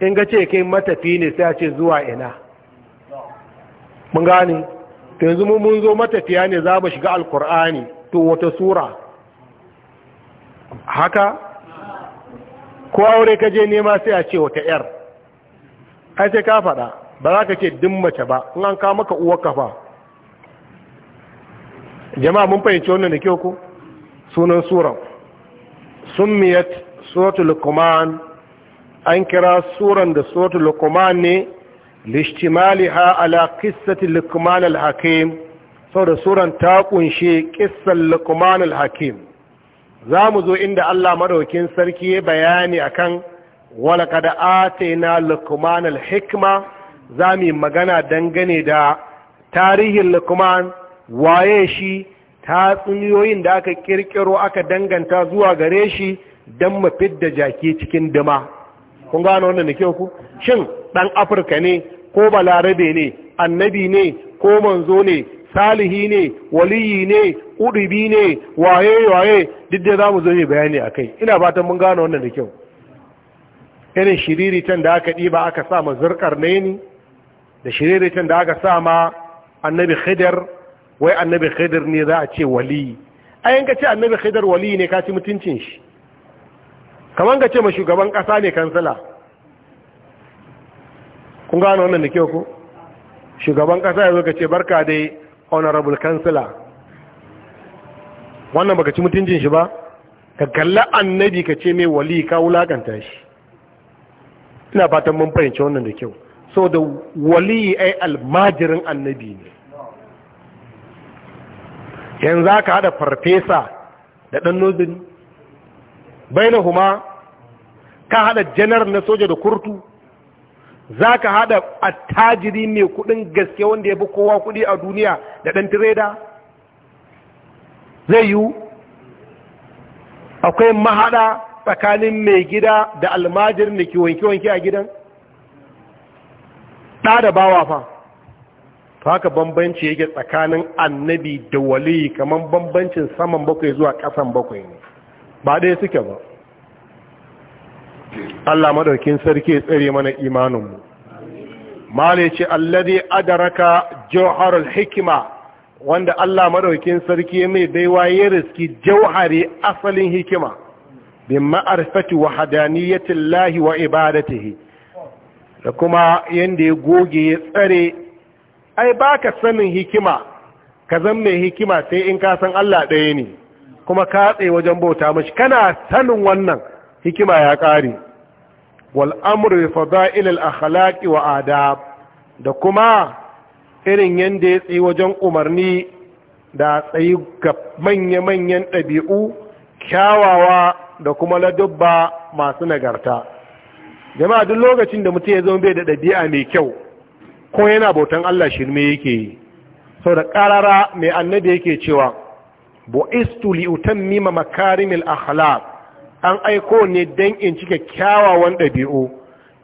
in ga ce kai matafi ne sai a zuwa ina mun gani to yanzu mun zo matafiya ne za mu shiga alkur'ani to wata sura haka ko aure ka je nema sai a ce wata yar ai sai ka faɗa ba za ka ce din mace ba in an ka maka uwar kafa jama'a mun fahimci wannan da kyau ko sunan sura summiyat suratul luqman an kira suran da suratul luqman ne lishtimaliha ala qissati luqman al-hakim saboda suran ta kunshe qissan lukmanal al-hakim zamu zo inda Allah madaukin sarki ya bayani akan wani kada atayna lukmanal al-hikma zamu magana dangane da tarihin lukman waye shi tatsuniyoyin da aka kirkiro aka danganta zuwa gare shi don mu jaki cikin dima kun gano wanda na kyau ku shin dan afirka ne ko balarabe ne annabi ne ko manzo ne salihi ne waliyi ne udubi ne waye waye duk da za mu zo ne bayani a kai ina fatan mun gano wannan da kyau irin shiriritan da aka ɗiba aka sa ma zurkar ne ni da shiriritan da aka sa ma annabi khidr wai annabi khidr ne za a ce waliyi ayin ka ce annabi khidr waliyi ne ka ci mutuncin shi kamar ka ce ma shugaban ƙasa ne kansala kun gano wannan da kyau ko shugaban kasa ya zo ka ce barka dai honorable kansila wannan baka ci mutuncin shi ba ka kalla annabi ka ce mai wali ka wulakanta shi ina fatan mun fahimci wannan da kyau so da wali ai almajirin annabi ne yanzu aka hada farfesa da dan nozin bai na huma ka hada janar na soja da kurtu za ka haɗa attajiri mai kuɗin gaske wanda ya fi kowa kuɗi a duniya da ɗan tireda zai yiwu akwai mahaɗa tsakanin mai gida da almajirin da ke a gidan ɗa da bawa fa to haka bambanci yake tsakanin annabi da wali kamar bambancin saman bakwai zuwa ƙasan bakwai ne ba ɗaya suke ba Allah madaukin sarki tsare mana imaninmu mala ce alladhi adaraka jawharul hikima wanda Allah madaukin sarki mai baiwa ya riski jauhari asalin hikima bi ma'arifati ya llahi wa ibadatihi da kuma yanda ya goge ya tsare ai baka sanin hikima ka zan mai hikima sai in ka san Allah ɗaya ne kuma ka tsaye wajen bauta mashi kana sanin wannan hikima ya ƙare wal amru bi fada'il al wa adab da kuma irin yanda ya tsayi wajen umarni da tsayi ga manya-manyan ɗabi'u kyawawa da kuma ladubba masu nagarta jama'a duk lokacin da mutum ya zama bai da ɗabi'a mai kyau ko yana bautan Allah shirme yake yi sau da ƙarara mai annabi yake cewa bu'istu li utammima makarimil akhlaq an aiko ne dan in cike kyawawan ɗabi'u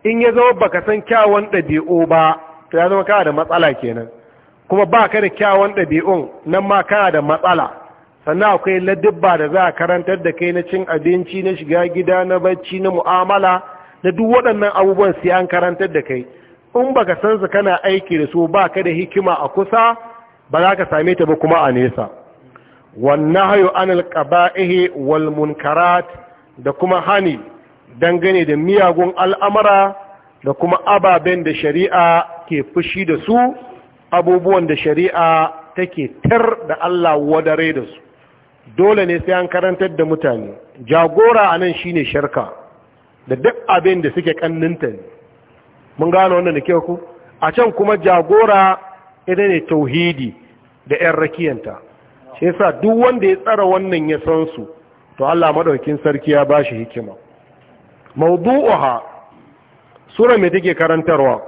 in ya zama baka san kyawawan ɗabi'u ba to ya zama kana da matsala kenan kuma ba ka da kyawawan ɗabi'un nan ma kana da matsala sannan akwai ladibba da za a karantar da kai na cin abinci na shiga gida na bacci na mu'amala na duk waɗannan abubuwan sai an karantar da kai in baka san su kana aiki da su ba ka da hikima a kusa ba za ka same ta ba kuma a nesa wannan hayo an alƙaba'ihi wal munkarat da kuma hani dangane da miyagun al'amara da kuma ababen da shari'a ke fushi da su abubuwan da shari'a take tar da Allah wadare da su dole ne sai an karantar da mutane jagora a nan shine sharka da duk abin da suke kanninta ne mun gano wannan da kyau ku a can kuma jagora ita ne tauhidi da 'yan rakiyanta shi yasa duk wanda ya tsara wannan ya san su to Allah madaukin sarki ya bashi hikima mawdu'uha sura me take karantarwa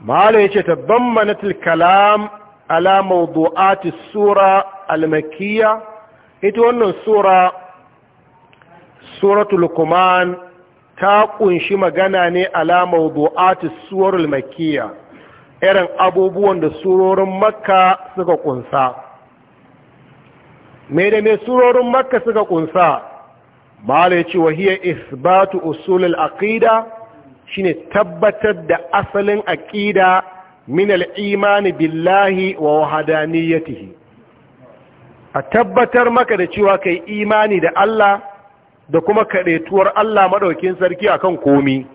mala yace tabammanatul kalam ala mawdu'ati sura al-makkiyya ita wannan sura suratul luqman ta kunshi magana ne ala mawdu'ati surul makkiyya irin abubuwan da surorin makka suka kunsa mai da mai surorin makka suka kunsa mala ya ce wahiyar isbatu usulul aqida shine tabbatar da asalin aƙida min al'imani imani billahi wa tihi. a tabbatar maka da cewa kai imani da Allah da kuma kaɗaituwar Allah maɗaukin sarki akan komi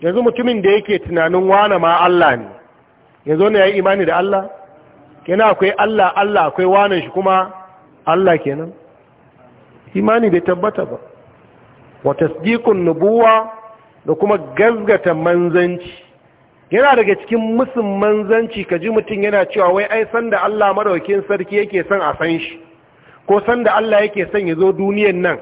yanzu mutumin da yake tunanin wane ma Allah ne yanzu ne ya yi imani da Allah kina akwai Allah Allah akwai wane shi kuma Allah kenan imani bai tabbata ba wa tasdiqun nubuwa da kuma gazgata manzanci yana daga cikin musun manzanci kaji mutum yana cewa wai ai san da Allah madaukakin sarki yake son a san shi ko san da Allah yake son ya zo duniyan nan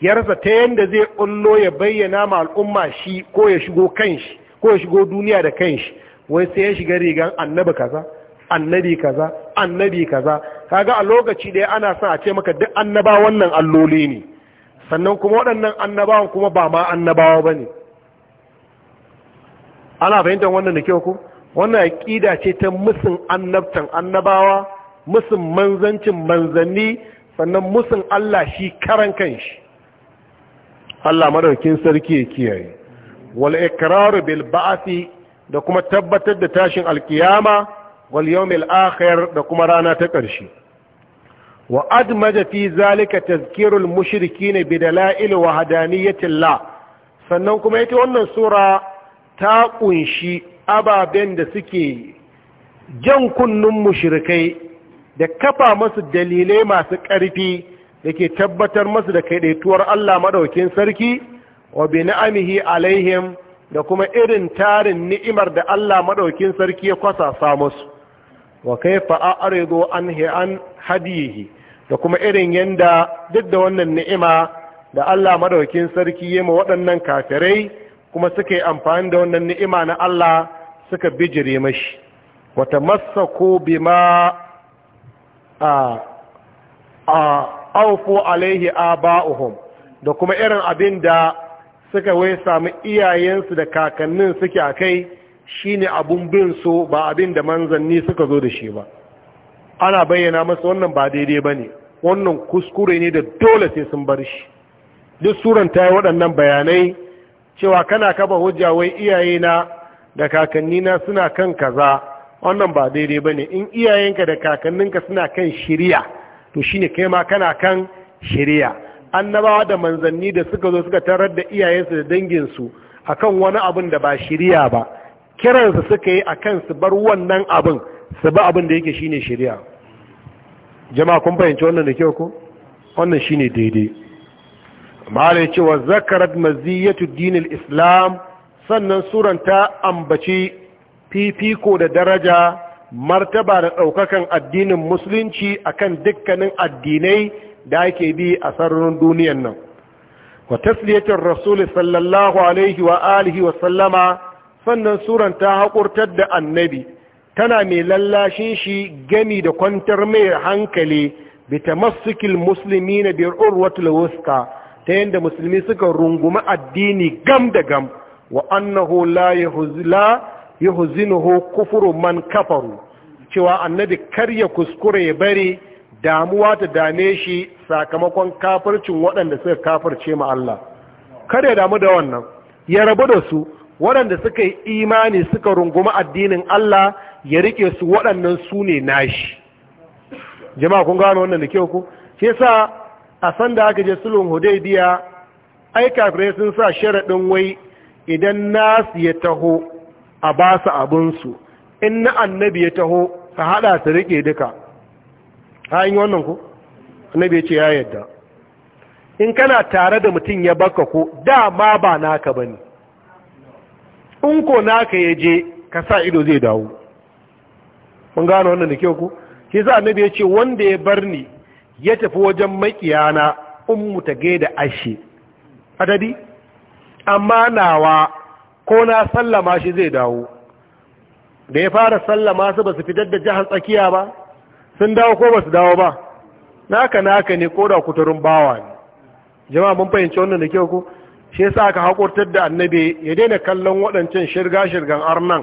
ya rasa ta yanda zai kullo ya bayyana ma al'umma shi ko ya shigo kanshi ko ya shigo duniya da kanshi wai sai ya shiga rigan annabi kaza annabi kaza annabi kaza kaga a lokaci ɗaya ana son a ce maka duk annaba wannan alloli ne sannan kuma waɗannan annabawan kuma ba ma annabawa ba ne ana fahimtar wannan da kyau ku wannan aƙida ce ta musin annabtan annabawa musin manzancin manzanni sannan musun Allah shi karan kanshi Allah madaukin sarki ya kiyaye wal ikraru bil ba'thi da kuma tabbatar da tashin alkiyama wal yawmil akhir da kuma rana ta ƙarshe wa admaja fi zalika tazkirul Bidala bi dalail wa hadaniyatillah sannan kuma ita wannan sura ta kunshi ababen da suke jan kunnun mushrikai da kafa masu dalilai masu ƙarfi da ke tabbatar masu da kaidaituwar Allah madaukin sarki wa bi ni'amihi alaihim da kuma irin tarin ni'imar da Allah madaukin sarki ya kwasa sa su, wa kaifa a'ridu anhi an hadiyihi da kuma irin yanda duk da wannan ni'ima da Allah madaukakin sarki yema waɗannan kafirai kuma suka yi amfani da wannan ni'ima na Allah suka bijire mashi wata masako bima a a aufu alaihi aba'uhum da kuma irin abin da suka wai samu iyayensu da kakannin suke a kai shine abun bin su ba abin da manzanni suka zo da shi ba ana bayyana masa wannan ba daidai ba ne wannan kuskure ne da dole sai sun bar shi duk suran ta yi waɗannan bayanai cewa kana kaba hujja wai iyayena da kakannina suna kan kaza wannan ba daidai ba ne in iyayenka da kakanninka suna kan shirya to shine kai ma kana kan shirya annabawa da manzanni da suka zo suka tarar da iyayensu da danginsu akan wani abin da ba shirya ba kiransu suka yi akan su bar wannan abin su abin da yake shine shari'a jama'a kun fahimci wannan da kyau ko wannan shine daidai mala ya ce wa zakarar maziyyatu dinil islam sannan suran ta ambaci fifiko da daraja martaba da ɗaukakan addinin musulunci akan dukkanin addinai da ake bi a sararin duniyan nan wa tasliyatar rasul sallallahu alaihi wa alihi wa sallama sannan suranta haƙurtar da annabi tana mai lallashin shi gami da kwantar mai hankali bi tamassukil musulmi na biyar urwatul ta yadda musulmi suka rungumi addini gam da gam wa annahu la ho kufuru man kafaru cewa annabi kar ya kuskure ya bari damuwa ta dame shi sakamakon kafircin waɗanda suka kafirce ma Allah kar ya damu da wannan ya rabu da su waɗanda suka yi imani suka rungumi addinin Allah ya rike su waɗannan su ne nashi jama'a kun gano wannan da kyau ku? Ke sa a sanda aka je sulhun hudaybiya ai kafirai sun sa sharaɗin wai idan nasu ya taho a ba su abinsu in na annabi ya taho ka haɗa su riƙe duka ha yi wannan ku annabi ya ce ya yadda in kana tare da mutum ya baka ko dama ba naka ba ne in ko naka ya je ka sa ido zai dawo mun gano wannan da kyau ku shi yasa annabi ya ce wanda ya bar ni ya tafi wajen makiyana in mu ta gaida ashe adadi amma nawa ko na sallama shi zai dawo da ya fara sallama su ba su fitar da jihar tsakiya ba sun dawo ko ba su dawo ba naka naka ne ko da kuturin bawa ne jama'a mun fahimci wannan da kyau ku shi yasa aka haƙurtar da annabi ya daina kallon waɗancan shirga-shirgan arnan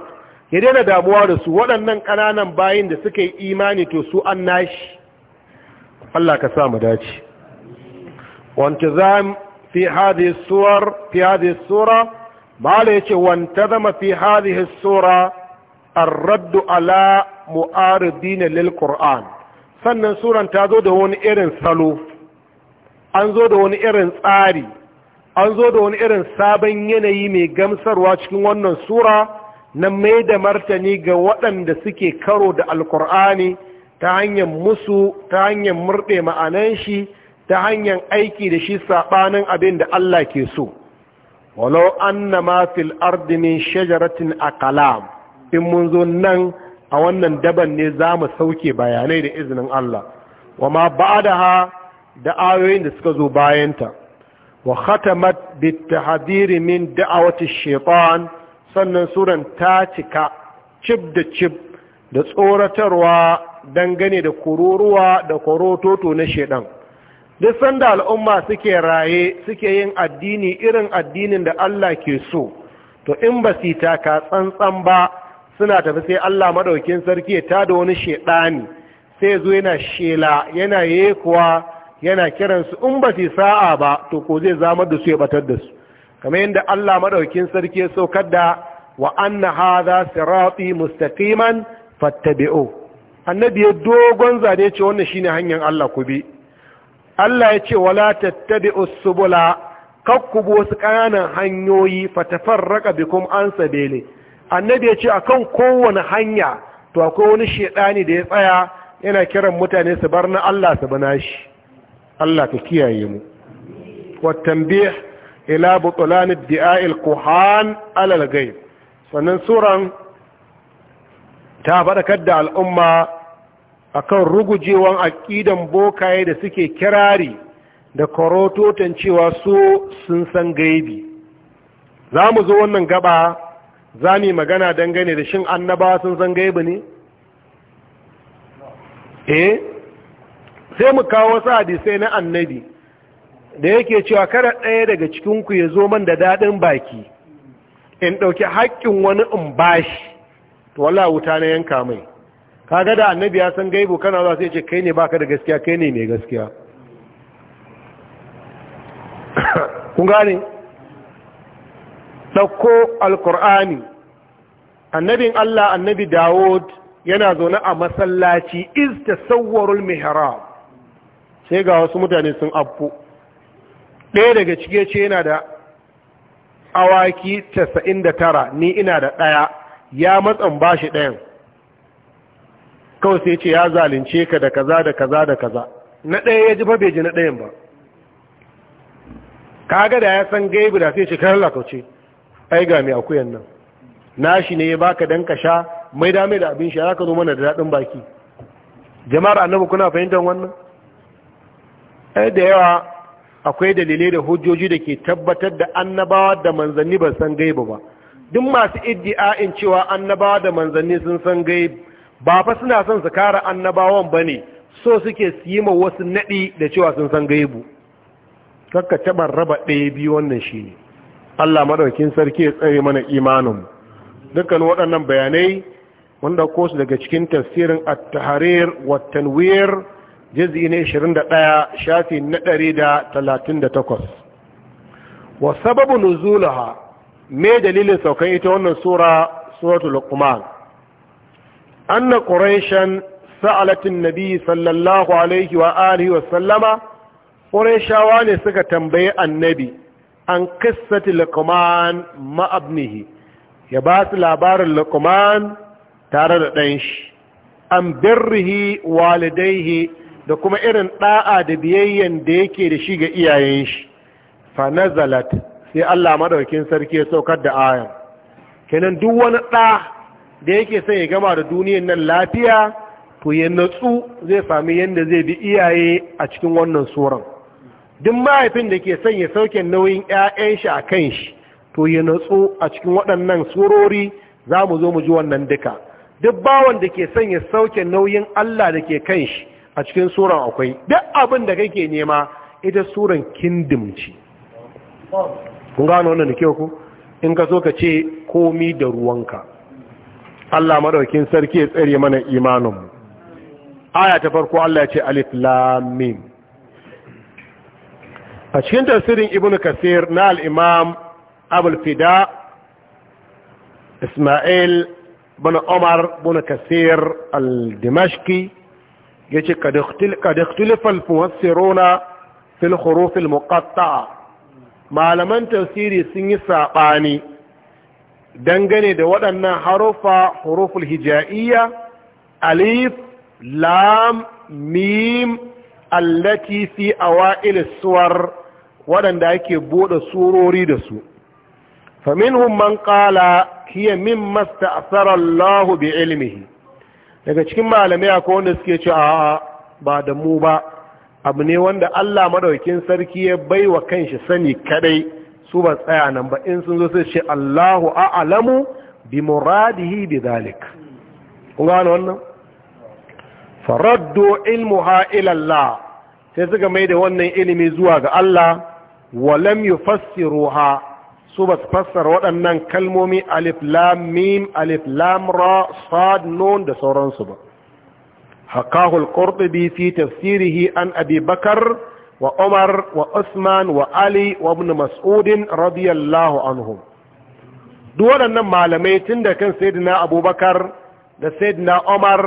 ya daina damuwa da su waɗannan ƙananan bayan da suka yi imani to su an nashi Allah ka sa mu dace wantazam fi hadi suwar fi hadi sura mala yace zama fi hadi sura ar-radd ala mu'aridin lil qur'an sannan suran ta zo da wani irin salo an zo da wani irin tsari an zo da wani irin sabon yanayi mai gamsarwa cikin wannan sura na mai da martani ga waɗanda suke karo da alkur'ani ta hanyar musu ta hanyar murɗe ma'anan shi ta hanyar aiki da shi saɓanin abin da Allah ke so walau anna ma fil ardi min shajaratin kalam in mun zo nan a wannan daban ne za mu sauke bayanai da izinin Allah wa ma ba da ha da ayoyin da suka zo bayanta wa khatamat bi min da'awati shaitan sannan suran ta cika cib da cib da tsoratarwa dangane da kururuwa da korototo na shedan duk sanda al'umma suke raye suke yin addini irin addinin da Allah ke so to in ba su taka tsantsan ba suna tafi sai Allah madaukin sarki ya tada wani shedani sai zo yana shela yana yekuwa yana kiransu in ba su sa'a ba to ko zai zama da su ya batar da su kamar yadda Allah madaukin sarki ya saukar da wa anna hadha sirati mustaqiman fattabi'u annabi ya dogon zane ce wannan shine hanyar Allah ku bi Allah ya ce wala tattabi'u subula kakkubu wasu ƙananan hanyoyi fatafarraqa bikum an sabili annabi ya ce akan kowane hanya to akwai wani shedani da ya tsaya yana kiran mutane su bar na Allah su bana shi Allah ka kiyaye mu wa tambih ila butulani di'a'il kuhan alal gaib sannan suran ta faɗakar da al'umma a kan rugujewan aƙidan bokaye da suke kirari da korototon cewa su sun san gaibi za mu zo wannan gaba za ni magana dangane da shin annabawa sun san gaibi ne? eh sai mu kawo wasu hadisai na annabi da yake cewa kada ɗaya daga cikinku ya zo man da daɗin baki in ɗauki haƙƙin wani in bashi to wala wuta na yanka mai kaga da annabi ya san gaibu kana za su ce kai ne baka da gaskiya kai ne mai gaskiya kun gane ɗauko alkur'ani annabin Allah annabi Dawud yana zaune a masallaci is sauwarul mihrab sai ga wasu mutane sun abu. ɗaya daga cike ce yana da awaki casa'in da tara ni ina da ɗaya ya matsan ba shi ɗayan kawai sai ce ya zalunce ka da kaza da kaza da kaza na ɗaya ya ji ba bai ji na ɗayan ba kaga da ya san gaibu da sai ce kan lakauce ai ga mai akuyan nan nashi ne ya baka dan ka sha mai dame da abin sha zaka zo mana da daɗin baki jama'ar annabi kuna fahimtar wannan ai da yawa akwai dalilai da hujjoji da ke tabbatar da annabawa da manzanni ba san gaibu ba duk masu iddi'a'in cewa annabawa da manzanni sun san gaibu ba fa suna son su kara annabawan ba ne so suke su ma wasu naɗi da cewa sun san gaibu kakka taɓa raba ɗaya biyu wannan shi ne allah maɗaukin sarki ya tsare mana imanin dukkan waɗannan bayanai wanda ko su daga cikin tafsirin at-tahrir wa tanwir juz'i na 21 shafi na 138 wa sababu nuzulaha me dalilin saukan ita wannan sura suratul luqman anna quraishan sa'alat an-nabi sallallahu alaihi wa alihi ne suka tambayi annabi an qissati luqman ma ya basu labarin lukman tare da ɗan shi an birrihi walidaihi da kuma irin ɗa'a da biyayyen da yake da shi ga iyayen shi fa nazalat sai Allah madaukin sarki ya saukar da ayan kenan duk wani ɗa da yake son ya gama da duniyan nan lafiya to ya natsu zai sami yanda zai bi iyaye a cikin wannan tsoron duk mahaifin da ke son ya sauke nauyin 'ya'yan shi a kan shi to ya natsu a cikin waɗannan surori za mu zo mu ji wannan duka duk bawan da ke son ya sauke nauyin Allah da ke kan shi a cikin suran akwai duk abin da kake nema ita suran kingdom ce kun gano wannan da kyau ku in ka so ka ce komi da ruwanka Allah madaukin sarki ya tsare mana imaninmu aya ta farko Allah ya ce alif lam a cikin tafsirin ibnu kasir na al-imam abul fida isma'il bin umar bin kasir al ya ce kadaktilifal fuwassirona fil hurufil muqatta'a malaman tafsiri sun yi saɓani dangane da waɗannan harufa huruful hija'iyya alif lam mim allati fi awa'il suwar waɗanda ake buɗe surori da su faminhum man qala hiya mimma sta'sara Allah bi ilmihi daga cikin malamai akwai wanda suke ce a ba da mu ba abu ne wanda Allah madaukin sarki ya bai wa kanshi sani kadai su ba tsaya nan ba in sun zo sai ce Allahu a'lamu bi muradihi bi zalik kun gano wannan faraddu ilmuha ila Allah sai suka mai da wannan ilimi zuwa ga Allah wa lam yufassiruha su ba su fassara waɗannan kalmomi alif lam mim alif lam ra sad nun da sauransu ba hakahul qurtubi fi tafsirihi an abi bakar wa umar wa usman wa ali wa ibn mas'ud radiyallahu anhum duk waɗannan malamai tun da kan sayyidina abubakar da sayyidina umar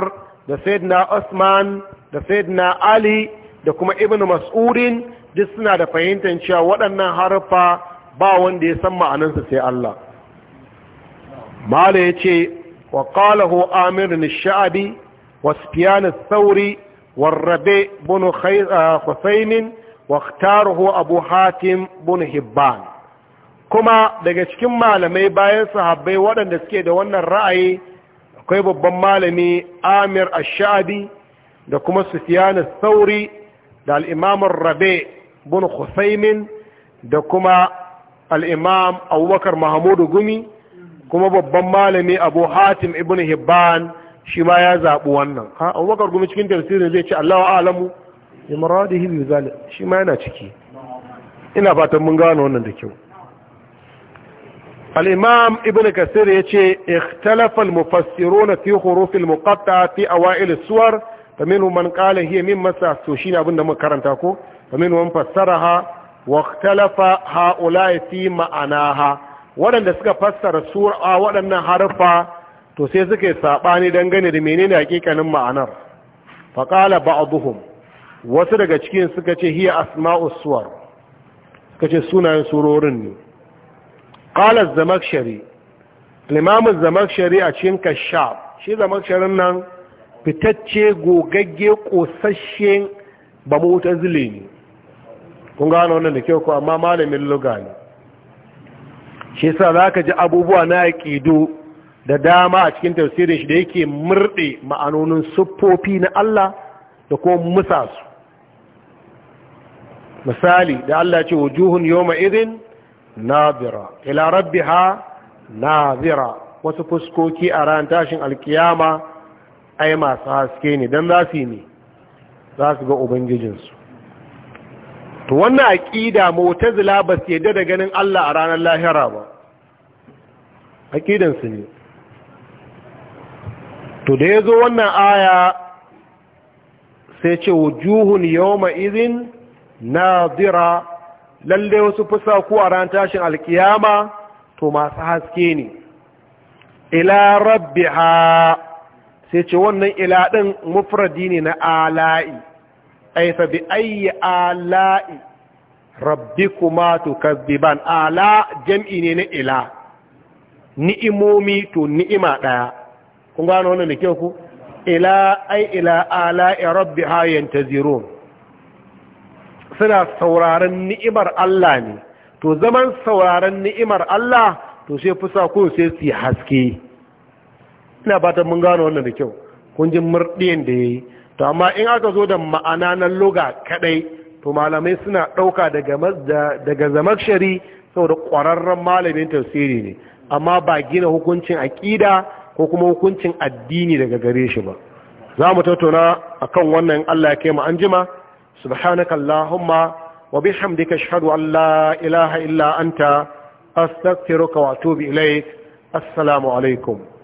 da sayyidina usman da sayyidina ali da kuma ibn mas'udin duk suna da fahimtar cewa waɗannan harfa ba wanda ya san ma'anarsa sai Allah mala ya ce wa qalahu amir ash wa sufyan sauri thawri wa rabi bin ah, husayn wa abu hatim bin hibban kuma daga cikin malamai bayan sahabbai waɗanda suke da wannan ra'ayi akwai babban malami amir ash da kuma sufyan ath-thawri da al-imam rabi bin da kuma al'imam abubakar mahamudu gumi kuma babban malami abu hatim ibn hibban shi ma ya zaɓi wannan ha abubakar gumi cikin tafsirin zai ce allahu alamu ya maradi hibi zali shi ma yana ciki ina fatan mun gano wannan da kyau al'imam ibn kasir ya ce ikhtalafal mufassiro na fi hurufin muqatta fi awa'il suwar ta min man kala hiya min masa to shi ne abin da muka karanta ko ta min man fassara ha waktalafa ha'ulai fi ma'anaha waɗanda suka fassara sura waɗannan harfa to sai suka yi saɓani dangane da menene hakikanin ma'anar faƙala ba'aduhum wasu daga cikin suka ce hiya asma'us suwar suka ce sunayen surorin ne ƙalar zamakshari limamin zamakshari a cikin kashaf shi zamak-sharin nan fitacce gogagge ƙosashe ba zile ne kun gano wannan da kyau ko amma malamin luga ne shi yasa zaka ji abubuwa na aqidu da dama a cikin tafsirin shi da yake murde ma'anonin siffofi na Allah da ko musa su misali da Allah ce wujuhun yawma idhin nadira ila rabbiha nadira wasu fuskoki a ran tashin alkiyama ai masu haske ne dan za su yi ne za su ga ubangijinsu to wannan aqida mu'tazila ba su yadda da ganin Allah a ranar lahira ba aqidan su ne to da yazo wannan aya sai ce wujuhun yawma idhin nadira lalle wasu fusa ku a ranar tashin alkiyama to masu haske ne ila rabbiha sai ce wannan ila din mufradi ne na ala'i ai fa bi ayyi ala'i rabbikuma tukazziban ala jam'i ne na ila ni'imomi to ni'ima daya kun gano wannan da kyau ku ila ai ila ala'i rabbi ha yantazirun suna sauraron ni'imar Allah ne to zaman sauraron ni'imar Allah to sai fusa kun sai su haske ina ba ta mun gano wannan da kyau kun ji murdiyan da yayi to amma in aka zo da ma'ana na loga kadai to malamai suna ɗauka daga zamakshari saboda ƙwararren malamin tafsiri ne amma ba gina hukuncin aƙida ko kuma hukuncin addini daga gare shi ba za mu tattauna akan wannan Allah ya kaima an jima subhanakallahumma wa bihamdika ashhadu an la ilaha illa anta astaghfiruka wa atubu ilaik assalamu alaikum